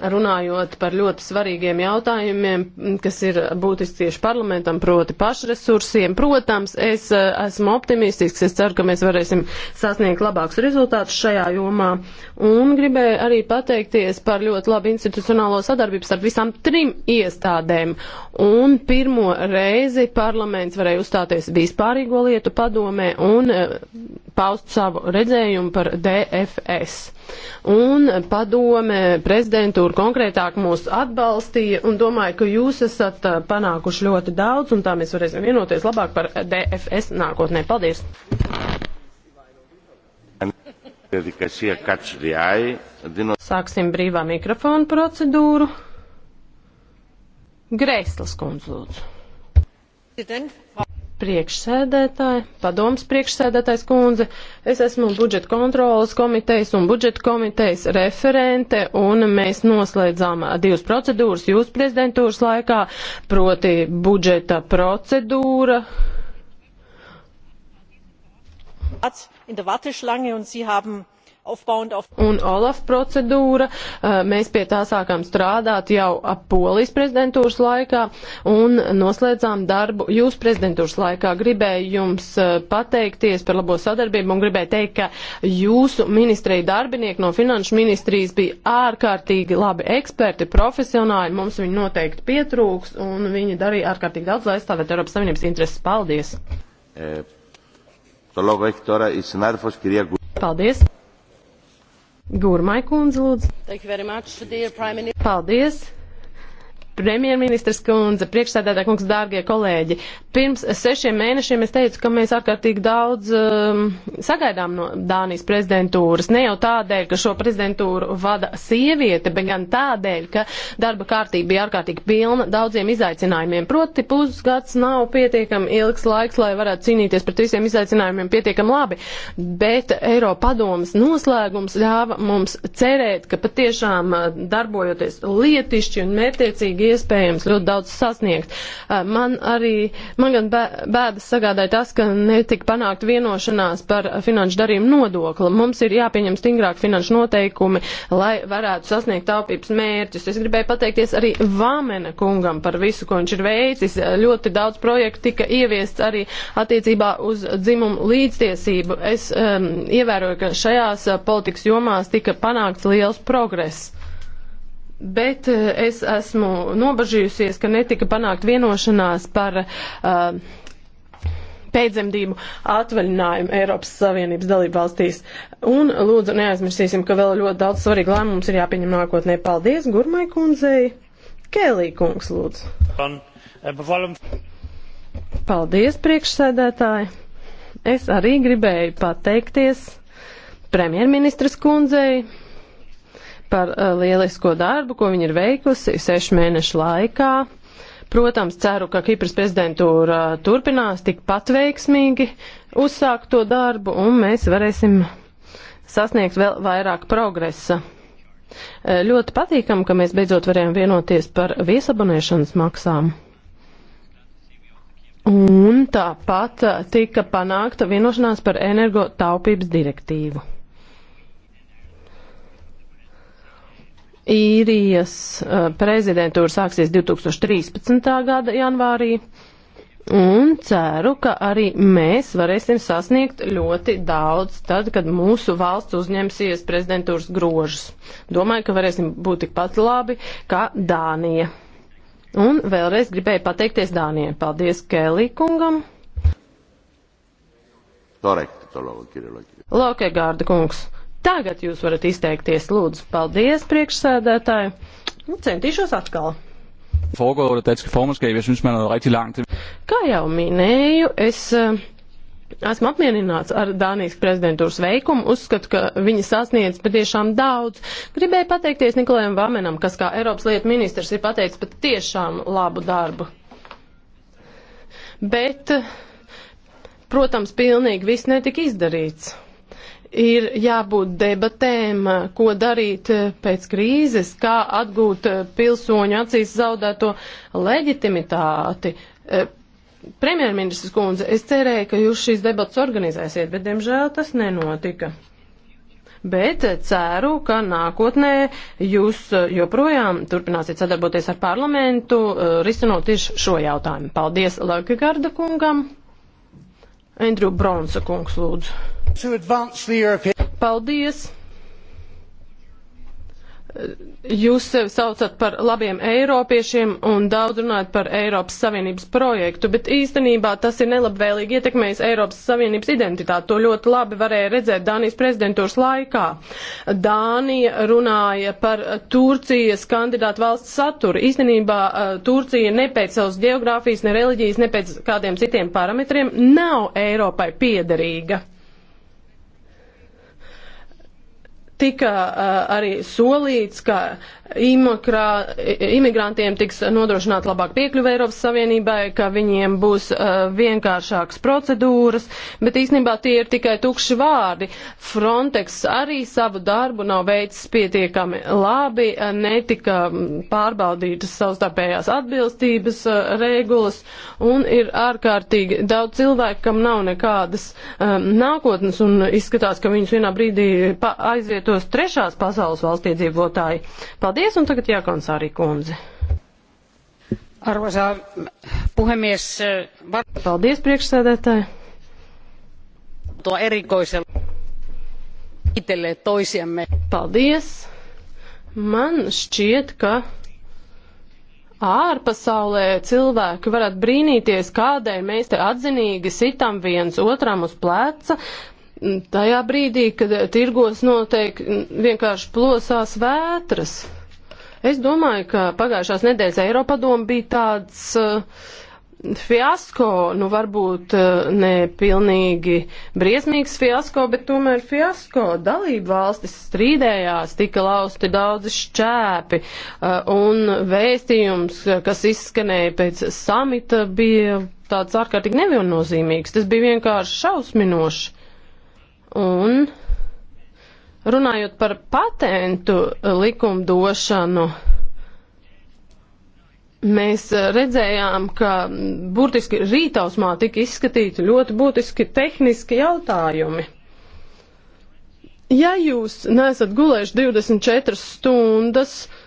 runājot par ļoti svarīgiem jautājumiem, kas ir būtiski tieši parlamentam, proti pašresursiem. Protams, es eh, esmu optimistisks, es ceru, ka mēs varēsim sasniegt labākus rezultātus šajā jomā. Un gribēju arī pateikties par ļoti labu institucionālo sadarbību starp visām trim iestādēm. Un pirmo reizi parlaments varēja uzstāties vispārīgo lietu padomē un eh, paust savu redzējumu par DFS. Un padome, prezidentūra konkrētāk mūs atbalstīja un domāju, ka jūs esat eh, panākuši ļoti daudz un tā mēs varēsim vienoties labāk par DFS nākotnē. Paldies! Sāksim brīvā mikrofonu procedūru. Grēslas kundze, lūdzu priekšsēdētāji, padoms priekšsēdētājs kundze. Es esmu budžeta kontrolas komitejas un budžeta komitejas referente, un mēs noslēdzām divas procedūras jūsu prezidentūras laikā, proti budžeta procedūra. in der Warteschlange und Sie haben Un Olaf procedūra, mēs pie tā sākām strādāt jau ap polijas prezidentūras laikā un noslēdzām darbu jūs prezidentūras laikā. Gribēju jums pateikties par labo sadarbību un gribēju teikt, ka jūsu ministrija darbinieki no finanšu ministrijas bija ārkārtīgi labi eksperti, profesionāļi, mums viņi noteikti pietrūks un viņi darīja ārkārtīgi daudz, lai aizstāvētu Eiropas Savienības intereses. Paldies! Paldies! Gurmai kundze, lūdzu. Much, Paldies! Premjerministrs kundze, priekšsēdētā kungs, dārgie kolēģi, pirms sešiem mēnešiem es teicu, ka mēs ārkārtīgi daudz um, sagaidām no Dānijas prezidentūras. Ne jau tādēļ, ka šo prezidentūru vada sieviete, bet gan tādēļ, ka darba kārtība bija ārkārtīgi pilna daudziem izaicinājumiem. Proti pusgads nav pietiekami ilgs laiks, lai varētu cīnīties pret visiem izaicinājumiem pietiekami labi, bet Eiropadomas noslēgums ļāva mums cerēt, ka patiešām uh, darbojoties lietišķi un mērtiecīgi vienīgi iespējams ļoti daudz sasniegt. Man arī, man gan bēdas sagādāja tas, ka netika panākt vienošanās par finanšu darījumu nodokli. Mums ir jāpieņem stingrāk finanšu noteikumi, lai varētu sasniegt taupības mērķus. Es gribēju pateikties arī Vāmena kungam par visu, ko viņš ir veicis. Ļoti daudz projektu tika ieviests arī attiecībā uz dzimumu līdztiesību. Es um, ievēroju, ka šajās politikas jomās tika panākts liels progress bet eh, es esmu nobažījusies, ka netika panākt vienošanās par uh, pēcdzemdību atvaļinājumu Eiropas Savienības dalību valstīs. Un lūdzu neaizmirsīsim, ka vēl ļoti daudz svarīgu lēmumu ir jāpieņem nākotnē. Paldies Gurmai kundzei. Kēlī kungs lūdzu. Eh, Paldies priekšsēdētāji. Es arī gribēju pateikties premjerministras kundzei par uh, lielisko darbu, ko viņi ir veikusi sešu mēnešu laikā. Protams, ceru, ka Kipras prezidentūra uh, turpinās tikpat veiksmīgi uzsākt to darbu, un mēs varēsim sasniegt vēl vairāk progresa. Uh, ļoti patīkam, ka mēs beidzot varējām vienoties par viesabonēšanas maksām. Un tāpat uh, tika panākta vienošanās par energo taupības direktīvu. īrijas prezidentūra sāksies 2013. gada janvārī. Un ceru, ka arī mēs varēsim sasniegt ļoti daudz tad, kad mūsu valsts uzņemsies prezidentūras grožus. Domāju, ka varēsim būt tikpat labi kā Dānija. Un vēlreiz gribēju pateikties Dānijai. Paldies Kēlī kungam. Loke Gārda kungs. Tagad jūs varat izteikties, lūdzu. Paldies, priekšsēdētāji. Nu, centīšos atkal. Foregået det danske formandskab, jeg synes, man er rigtig langt. Kā jau minēju, es eh, esmu apmierināts ar Dānijas prezidentūras veikumu, uzskatu, ka viņi sasniedz patiešām daudz. Gribēju pateikties Nikolajam Vamenam, kas kā Eiropas lietu ministrs ir pateicis patiešām labu darbu. Bet, eh, protams, pilnīgi viss netika izdarīts ir jābūt debatēm, ko darīt pēc krīzes, kā atgūt pilsoņu acīs zaudēto leģitimitāti. Premjerministrs kundze, es cerēju, ka jūs šīs debatas organizēsiet, bet, diemžēl, tas nenotika. Bet ceru, ka nākotnē jūs joprojām turpināsiet sadarboties ar parlamentu, risinot tieši šo jautājumu. Paldies Lakagarda kungam! Andrew Bronsa kungs lūdzu. Paldies! Jūs sevi saucat par labiem eiropiešiem un daudz runājat par Eiropas Savienības projektu, bet īstenībā tas ir nelabvēlīgi ietekmējis Eiropas Savienības identitāti. To ļoti labi varēja redzēt Dānijas prezidentūras laikā. Dānija runāja par Turcijas kandidātu valsts saturu. Īstenībā eh, Turcija ne pēc savas geogrāfijas, ne reliģijas, ne pēc kādiem citiem parametriem nav Eiropai piederīga. tika uh, arī solīts, ka Imokrā, imigrantiem tiks nodrošināt labāk piekļuvi Eiropas Savienībai, ka viņiem būs uh, vienkāršākas procedūras, bet īstenībā tie ir tikai tukši vārdi. Frontex arī savu darbu nav veicis pietiekami labi, netika mm, pārbaudītas savstarpējās atbilstības uh, regulas un ir ārkārtīgi daudz cilvēku, kam nav nekādas um, nākotnes un izskatās, ka viņus vienā brīdī aizvietos trešās pasaules valsts iedzīvotāji. Paldies! Paldies, un tagad jākonsārī kundze. Arvoisa puhemies, var... Paldies, priekšsēdētāji. Tuo erikoisen itelle toisiamme. Paldies. Man šķiet, ka ārpasaulē cilvēki varat brīnīties, kādēļ mēs te atzinīgi sitam viens otram uz pleca, tajā brīdī, kad tirgos noteikti vienkārši plosās vētras. Es domāju, ka pagājušās nedēļas Eiropadoma bija tāds uh, fiasko, nu varbūt eh, ne pilnīgi briesmīgs fiasko, bet tomēr fiasko. Dalība valstis strīdējās, tika lausti daudzi šķēpi, eh, un vēstījums, kas izskanēja pēc samita, bija tāds ārkārtīgi neviennozīmīgs. Tas bija vienkārši šausminoši. Un Runājot par patentu likumdošanu, mēs redzējām, ka burtiski rītausmā tika izskatīti ļoti būtiski tehniski jautājumi. Ja jūs nesat gulējuši 24 stundas, uh,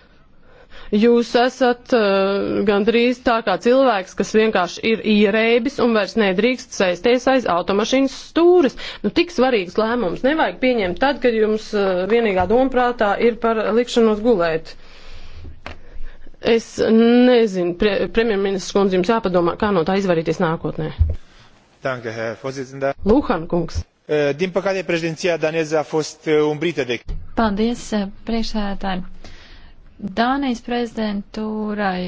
Jūs esat uh, gandrīz tā kā cilvēks, kas vienkārši ir ierēbis un vairs nedrīkst sēsties aiz automašīnas stūres. Nu, tik svarīgs lēmums nevajag pieņemt tad, kad jums uh, vienīgā domprātā ir par likšanos gulēt. Es nezinu, pre, premjerministrs kundze, jums jāpadomā, kā no tā izvairīties nākotnē. Danke, Herr Vorsitzender. Luhan kungs. Eh, din păcate, președinția daneză a fost umbrită de... Paldies, priekšsēdētāji. Dānijas prezidentūrai,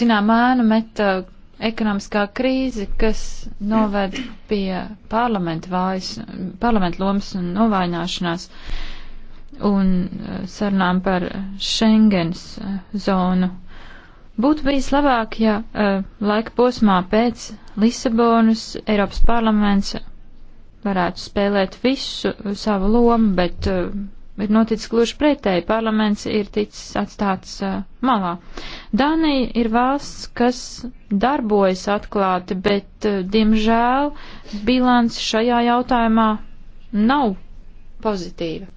zinām, mēnu met uh, ekonomiskā krīze, kas noved pie parlamentu vājas, parlamentu lomas un novājināšanās un uh, sarunām par Schengens uh, zonu. Būtu bijis labāk, ja laika posmā pēc Lisabonas Eiropas parlaments varētu spēlēt visu savu lomu, bet bet noticis gluži pretēji. Parlaments ir ticis atstāts uh, malā. Dānija ir valsts, kas darbojas atklāti, bet, uh, diemžēl, bilants šajā jautājumā nav pozitīva.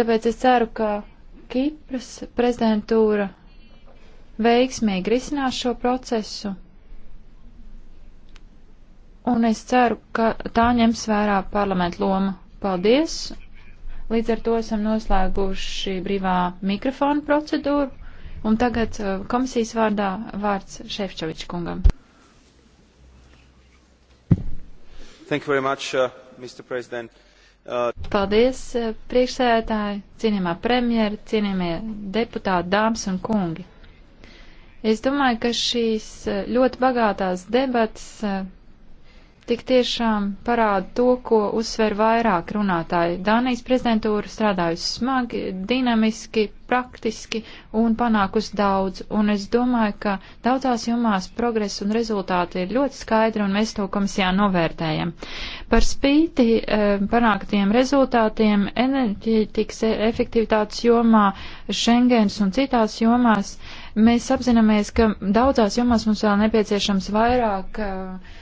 Tāpēc es ceru, ka Kipras prezidentūra veiksmīgi risinās šo procesu. Un es ceru, ka tā ņems vērā parlamentu lomu Paldies! Līdz ar to esam noslēguši brīvā mikrofona procedūru. Un tagad uh, komisijas vārdā vārds Šefčoviča kungam. Thank you very much, uh, Mr. President. Uh... Paldies, uh, priekšsēdētāji, cienījumā premjeri, cienījumie deputāti, dāmas un kungi. Es domāju, ka šīs uh, ļoti bagātās debatas tik tiešām parāda to, ko uzsver vairāk runātāji. Dānijas prezidentūra strādājusi smagi, dinamiski, praktiski un panākusi daudz, un es domāju, ka daudzās jomās progress un rezultāti ir ļoti skaidri, un mēs to komisijā novērtējam. Par spīti eh, panāktiem rezultātiem enerģētikas e- efektivitātes jomā, Schengens un citās jomās mēs apzināmies, ka daudzās jomās mums vēl nepieciešams vairāk eh,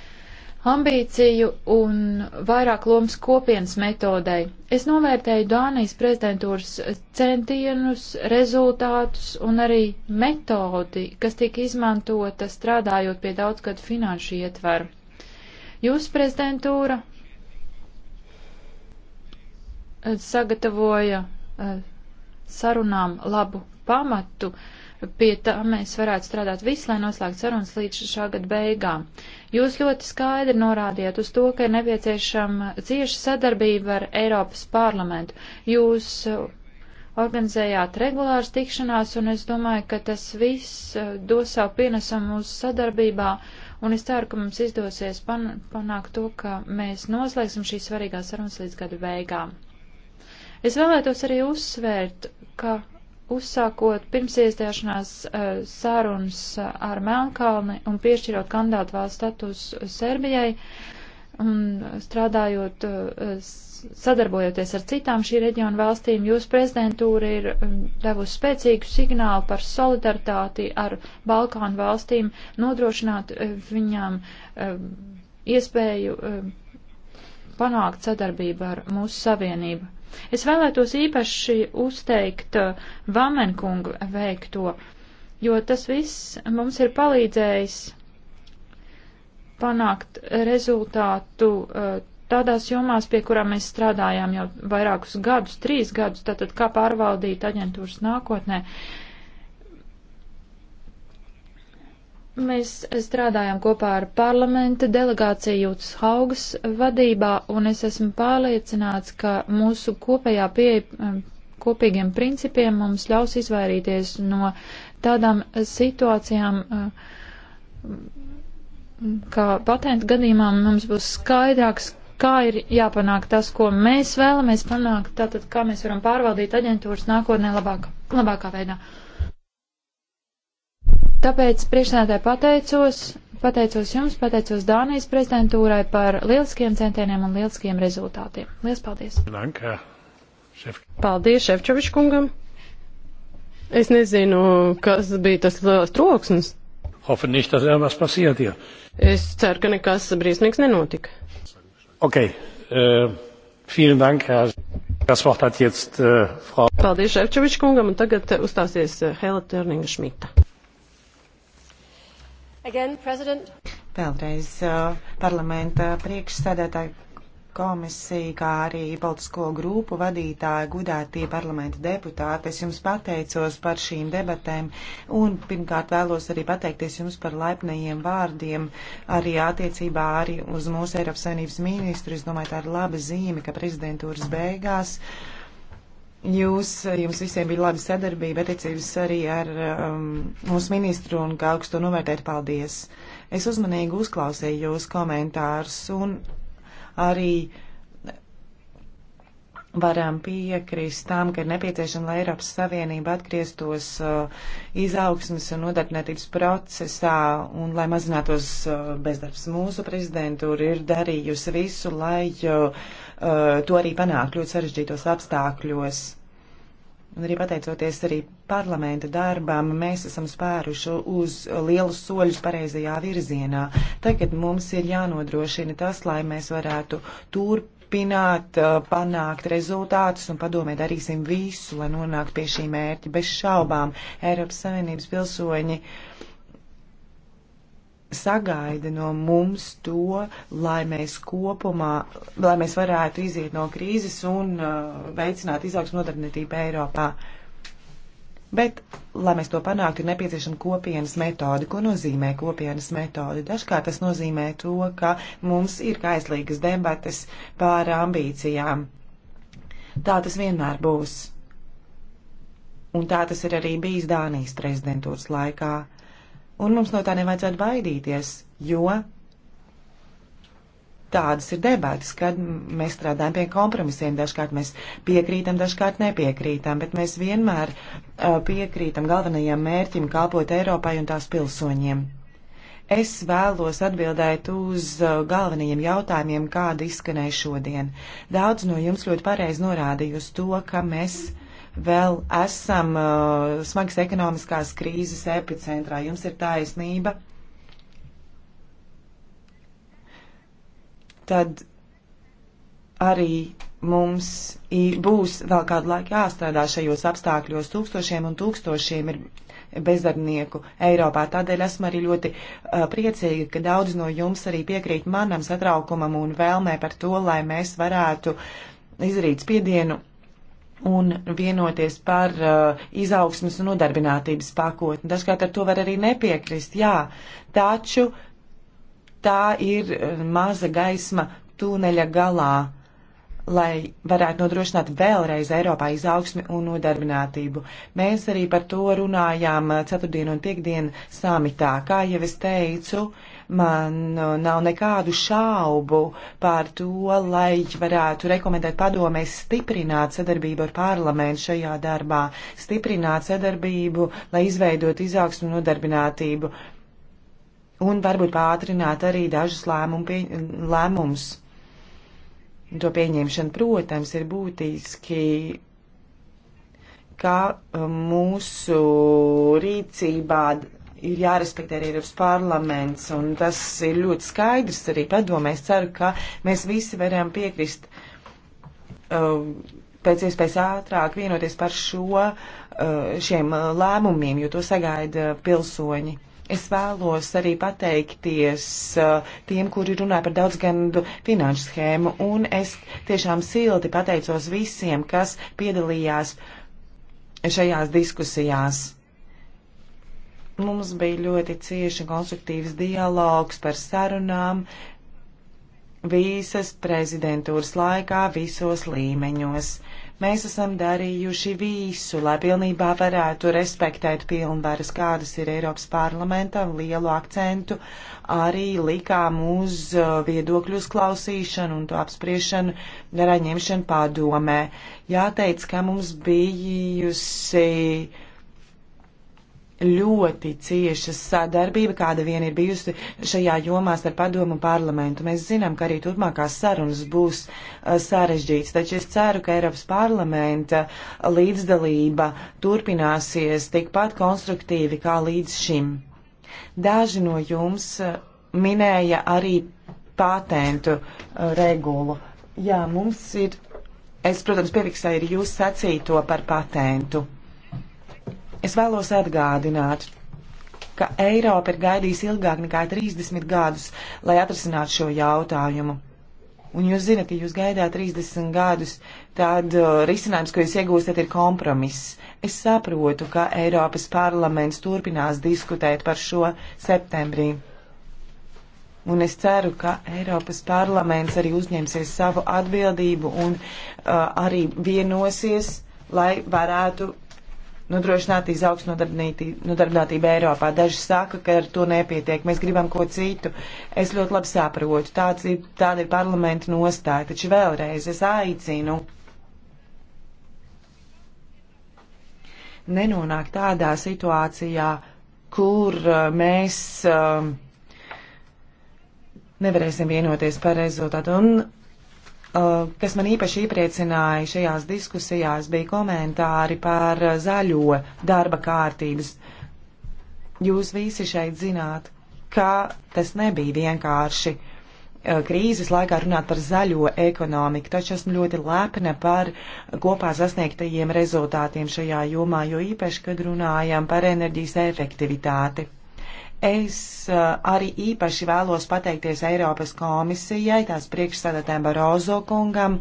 ambīciju un vairāk lomas kopienas metodei. Es novērtēju Dānijas prezidentūras centienus, rezultātus un arī metodi, kas tika izmantota strādājot pie daudzgadu finanšu ietvaru. Jūsu prezidentūra eh, sagatavoja eh, sarunām labu pamatu, uh, Pie tā mēs varētu strādāt visu, lai noslēgtu sarunas līdz šā gada beigām. Jūs ļoti skaidri norādījāt uz to, ka ir nepieciešama cieša sadarbība ar Eiropas parlamentu. Jūs uh, organizējāt regulārs tikšanās, un es domāju, ka tas viss uh, dos savu pienesumu uz sadarbībā, un es ceru, ka mums izdosies pan panākt to, ka mēs noslēgsim šīs svarīgās sarunas līdz gada beigām. Es vēlētos arī uzsvērt, ka uzsākot pirms iestāšanās eh, sarunas eh, ar Melnkalni un piešķirot kandidātu valsts status Serbijai un strādājot, eh, sadarbojoties ar citām šī reģiona valstīm, jūsu prezidentūra ir mm, devusi spēcīgu signālu par solidaritāti ar Balkānu valstīm, nodrošināt viņām iespēju panākt sadarbību ar mūsu savienību. Es vēlētos īpaši uzteikt uh, Vamenkungu veikto, jo tas viss mums ir palīdzējis panākt rezultātu uh, tādās jomās, pie kurām mēs strādājām jau vairākus gadus, trīs gadus, tātad kā pārvaldīt aģentūras nākotnē. Uh, Mēs strādājam kopā ar parlamenta delegāciju Jūtas Haugas vadībā, un es esmu pārliecināts, ka mūsu kopējā pieeja kopīgiem principiem mums ļaus izvairīties no tādām situācijām, kā patentu gadījumā mums būs skaidrāks, kā ir jāpanāk tas, ko mēs vēlamies panākt, tātad kā mēs varam pārvaldīt aģentūras nākotnē labāk, labākā veidā. Uh, Tāpēc priekšsēdētāji pateicos, pateicos jums, pateicos Dānijas prezidentūrai par lieliskiem centieniem un lieliskiem rezultātiem. Lielas paldies! Paldies Šefčovičs kungam! Es nezinu, kas bija tas lielās troksnis. Nicht, es ceru, ka nekas briesmīgs nenotika. Okay. Uh, vielen Dank, Herr. Das Wort hat jetzt äh, uh, Frau. Paldies Šefčovičs kungam, un tagad eh, uzstāsies Hela Terninga Šmita. Again, president. Vēlreiz uh, parlamenta priekšsēdētāji komisija, kā arī politisko grupu vadītāji, gudētie parlamenta deputāti. Es jums pateicos par šīm debatēm un pirmkārt vēlos arī pateikties jums par laipnajiem vārdiem arī attiecībā arī uz mūsu Eiropas Savienības ministru. Es domāju, tā ir laba zīme, ka prezidentūras beigās. Uh, Jūs, jums visiem bija laba sadarbība, attiecības arī ar um, mūsu ministru un kā augstu novērtēt paldies. Es uzmanīgi uzklausīju jūs komentārus un arī varam piekrist tam, ka ir nepieciešama, lai Eiropas Savienība atgrieztos uh, izaugsmas un nodarbinātības procesā un lai mazinātos uh, bezdarbs. Mūsu prezidentūra ir darījusi visu, lai uh, uh, to arī panākt ļoti sarežģītos apstākļos. Un arī pateicoties arī parlamenta darbām, mēs esam spēruši uz lielus soļus pareizajā virzienā. Tagad mums ir jānodrošina tas, lai mēs varētu turpināt, eh, panākt rezultātus un padomē darīsim visu, lai nonāktu pie šī mērķa. Bez šaubām Eiropas Savienības pilsoņi. Uh, sagaida no mums to, lai mēs kopumā, lai mēs varētu iziet no krīzes un uh, veicināt izaugsmu nodarbinātību Eiropā. Bet, lai mēs to panāktu, ir nepieciešama kopienas metode. Ko nozīmē kopienas metode? Dažkārt tas nozīmē to, ka mums ir kaislīgas debates pār ambīcijām. Tā tas vienmēr būs. Un tā tas ir arī bijis Dānijas prezidentūras laikā Un mums no tā nevajadzētu baidīties, jo tādas ir debatas, kad mēs strādājam pie kompromisiem. Dažkārt mēs piekrītam, dažkārt nepiekrītam, bet mēs vienmēr uh, piekrītam galvenajam mērķim kalpot Eiropai un tās pilsoņiem. Es vēlos atbildēt uz uh, galvenajiem jautājumiem, kāda izskanēja šodien. Daudz no jums ļoti pareizi norādīja uz to, ka mēs vēl esam uh, smagas ekonomiskās krīzes epicentrā. Jums ir taisnība. Tad arī mums būs vēl kādu laiku jāstrādā šajos apstākļos. Tūkstošiem un tūkstošiem ir bezdarbnieku Eiropā. Tādēļ esmu arī ļoti uh, priecīga, ka daudz no jums arī piekrīt manam satraukumam un vēlmē par to, lai mēs varētu izdarīt spiedienu un vienoties par uh, izaugsmas un nodarbinātības pakotni. Dažkārt ar to var arī nepiekrist, jā, taču tā ir uh, maza gaisma tūneļa galā, lai varētu nodrošināt vēlreiz Eiropā izaugsmi un nodarbinātību. Mēs arī par to runājām uh, ceturtdien un piekdien samitā. Kā jau es teicu, uh, Man uh, nav nekādu šaubu par to, lai varētu rekomendēt padomēs stiprināt sadarbību ar parlamentu šajā darbā, stiprināt sadarbību, lai izveidot izaugsmu un nodarbinātību un varbūt pātrināt arī dažus lēmumu pie, lēmumus. To pieņemšana, protams, ir būtiski ka uh, mūsu rīcībā ir jārespektē arī Eiropas parlaments, un tas ir ļoti skaidrs arī padomē. Es ceru, ka mēs visi varam piekrist uh, pēc iespējas ātrāk vienoties par šo, uh, šiem lēmumiem, jo to sagaida pilsoņi. Es vēlos arī pateikties uh, tiem, kuri runāja par daudzgadu finanšu schēmu, un es tiešām silti pateicos visiem, kas piedalījās šajās diskusijās Mums bija ļoti cieši konstruktīvs dialogs par sarunām visas prezidentūras laikā visos līmeņos. Mēs esam darījuši visu, lai pilnībā varētu respektēt pilnvaras, kādas ir Eiropas parlamentam, lielu akcentu arī likām uz uh, viedokļu uzklausīšanu un to apspriešanu, darā ņemšanu pārdomē. Jāteic, ka mums bijusi ļoti cieša sadarbība, kāda vien ir bijusi šajā jomā starp padomu un parlamentu. Mēs zinām, ka arī turpmākās sarunas būs uh, sarežģītas, taču es ceru, ka Eiropas parlamenta līdzdalība turpināsies tikpat konstruktīvi kā līdz šim. Daži no jums uh, minēja arī patentu uh, regulu. Jā, mums ir, es, protams, piefiksēju arī jūs sacīto par patentu. Es vēlos atgādināt, ka Eiropa ir gaidījusi ilgāk nekā 30 gadus, lai atrisinātu šo jautājumu. Un jūs zinat, ja jūs gaidāt 30 gadus, tad uh, risinājums, ko jūs iegūstat, ir kompromiss. Es saprotu, ka Eiropas parlaments turpinās diskutēt par šo septembrī. Un es ceru, ka Eiropas parlaments arī uzņemsies savu atbildību un uh, arī vienosies, lai varētu nodrošināt izaugsmu nodarbinātību Eiropā. Daži saka, ka ar to nepietiek, mēs gribam ko citu. Es ļoti labi saprotu, tāds ir, tāda ir parlamenta nostāja, taču vēlreiz es aicinu nenonākt tādā situācijā, kur uh, mēs um, nevarēsim vienoties par rezultātu. Un Uh, kas man īpaši iepriecināja šajās diskusijās, bija komentāri par uh, zaļo darba kārtības. Jūs visi šeit zināt, ka tas nebija vienkārši uh, krīzes laikā runāt par zaļo ekonomiku, taču esmu ļoti lepna par kopā sasniegtajiem rezultātiem šajā jomā, jo īpaši, kad runājam par enerģijas efektivitāti. Es uh, arī īpaši vēlos pateikties Eiropas komisijai, tās priekšsēdētājiem Barozo kungam,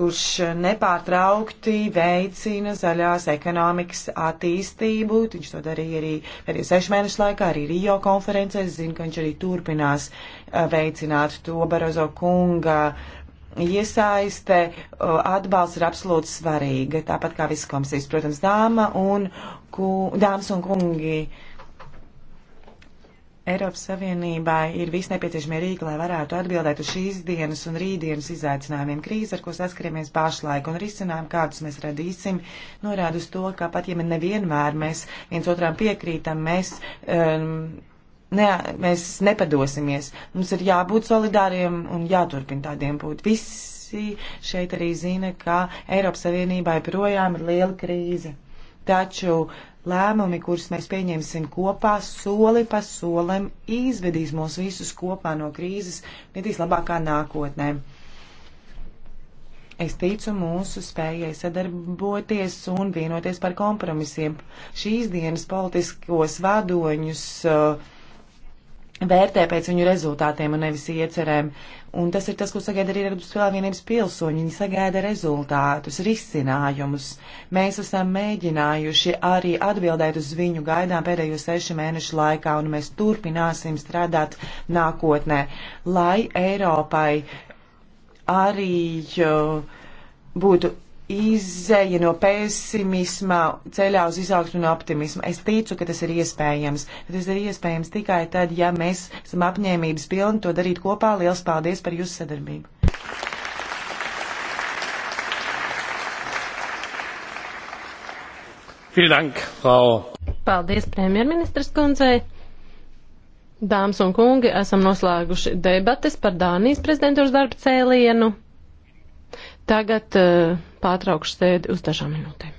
kurš nepārtraukti veicina zaļās ekonomikas attīstību. Viņš to darīja arī pēdējo sešu mēnešu laikā, arī Rio konferencē. Es zinu, ka viņš arī turpinās uh, veicināt to Barozo kunga iesaiste, uh, atbalsts ir absolūti svarīga, tāpat kā visas komisijas, protams, dāma un, ku, dāmas un kungi. Uh, Eiropas Savienībai ir visi nepieciešamie rīki, lai varētu atbildēt uz šīs dienas un rītdienas izaicinājumiem krīze, ar ko saskaramies pašlaik, un risinājumu, kādus mēs radīsim, norāda uz to, ka pat ja nevienmēr mēs viens otram piekrītam, mēs. Um, Ne, mēs nepadosimies. Mums ir jābūt solidāriem un jāturpina tādiem būt. Visi šeit arī zina, ka Eiropas Savienībai projām ir liela krīze. Taču uh, lēmumi, kurus mēs pieņemsim kopā, soli pa solim izvedīs mūs visus kopā no krīzes, metīs labākā nākotnē. Es ticu mūsu spējai sadarboties un vienoties par kompromisiem. Šīs dienas politiskos vadoņus uh, vērtē pēc viņu rezultātiem un nevis iecerēm. Un tas ir tas, ko sagaida arī Eiropas Savienības pilsoņi. Viņi sagaida rezultātus, risinājumus. Mēs esam mēģinājuši arī atbildēt uz viņu gaidām pēdējo sešu mēnešu laikā, un mēs turpināsim strādāt nākotnē, lai Eiropai arī būtu izēja no pesimisma ceļā uz izaugsmu un optimismu. Es ticu, ka tas ir iespējams. Bet tas ir iespējams tikai tad, ja mēs esam apņēmības pilni to darīt kopā. Liels paldies par jūsu sadarbību! Paldies premjerministras kundzei. Dāmas un kungi, esam noslēguši debates par Dānijas prezidentūras darba cēlienu. Tagad uh, pārtraukšu sēdi uz dažām minūtēm.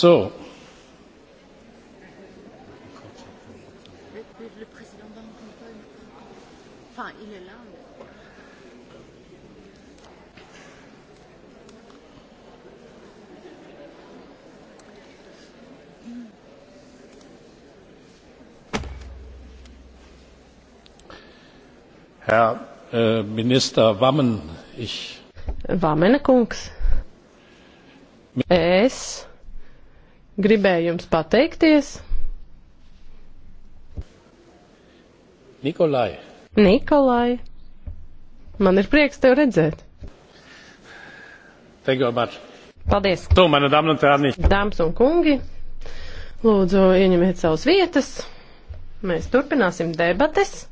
So. Herr äh, Minister Wammen, ich. Wammen, Kungs. Es Gribēju jums pateikties. Nikolai. Nikolai. Man ir prieks tevi redzēt. Thank you very much. Paldies. Tu, mana dāmas un tērni. Dāmas un kungi, lūdzu ieņemiet savas vietas. Mēs turpināsim debates.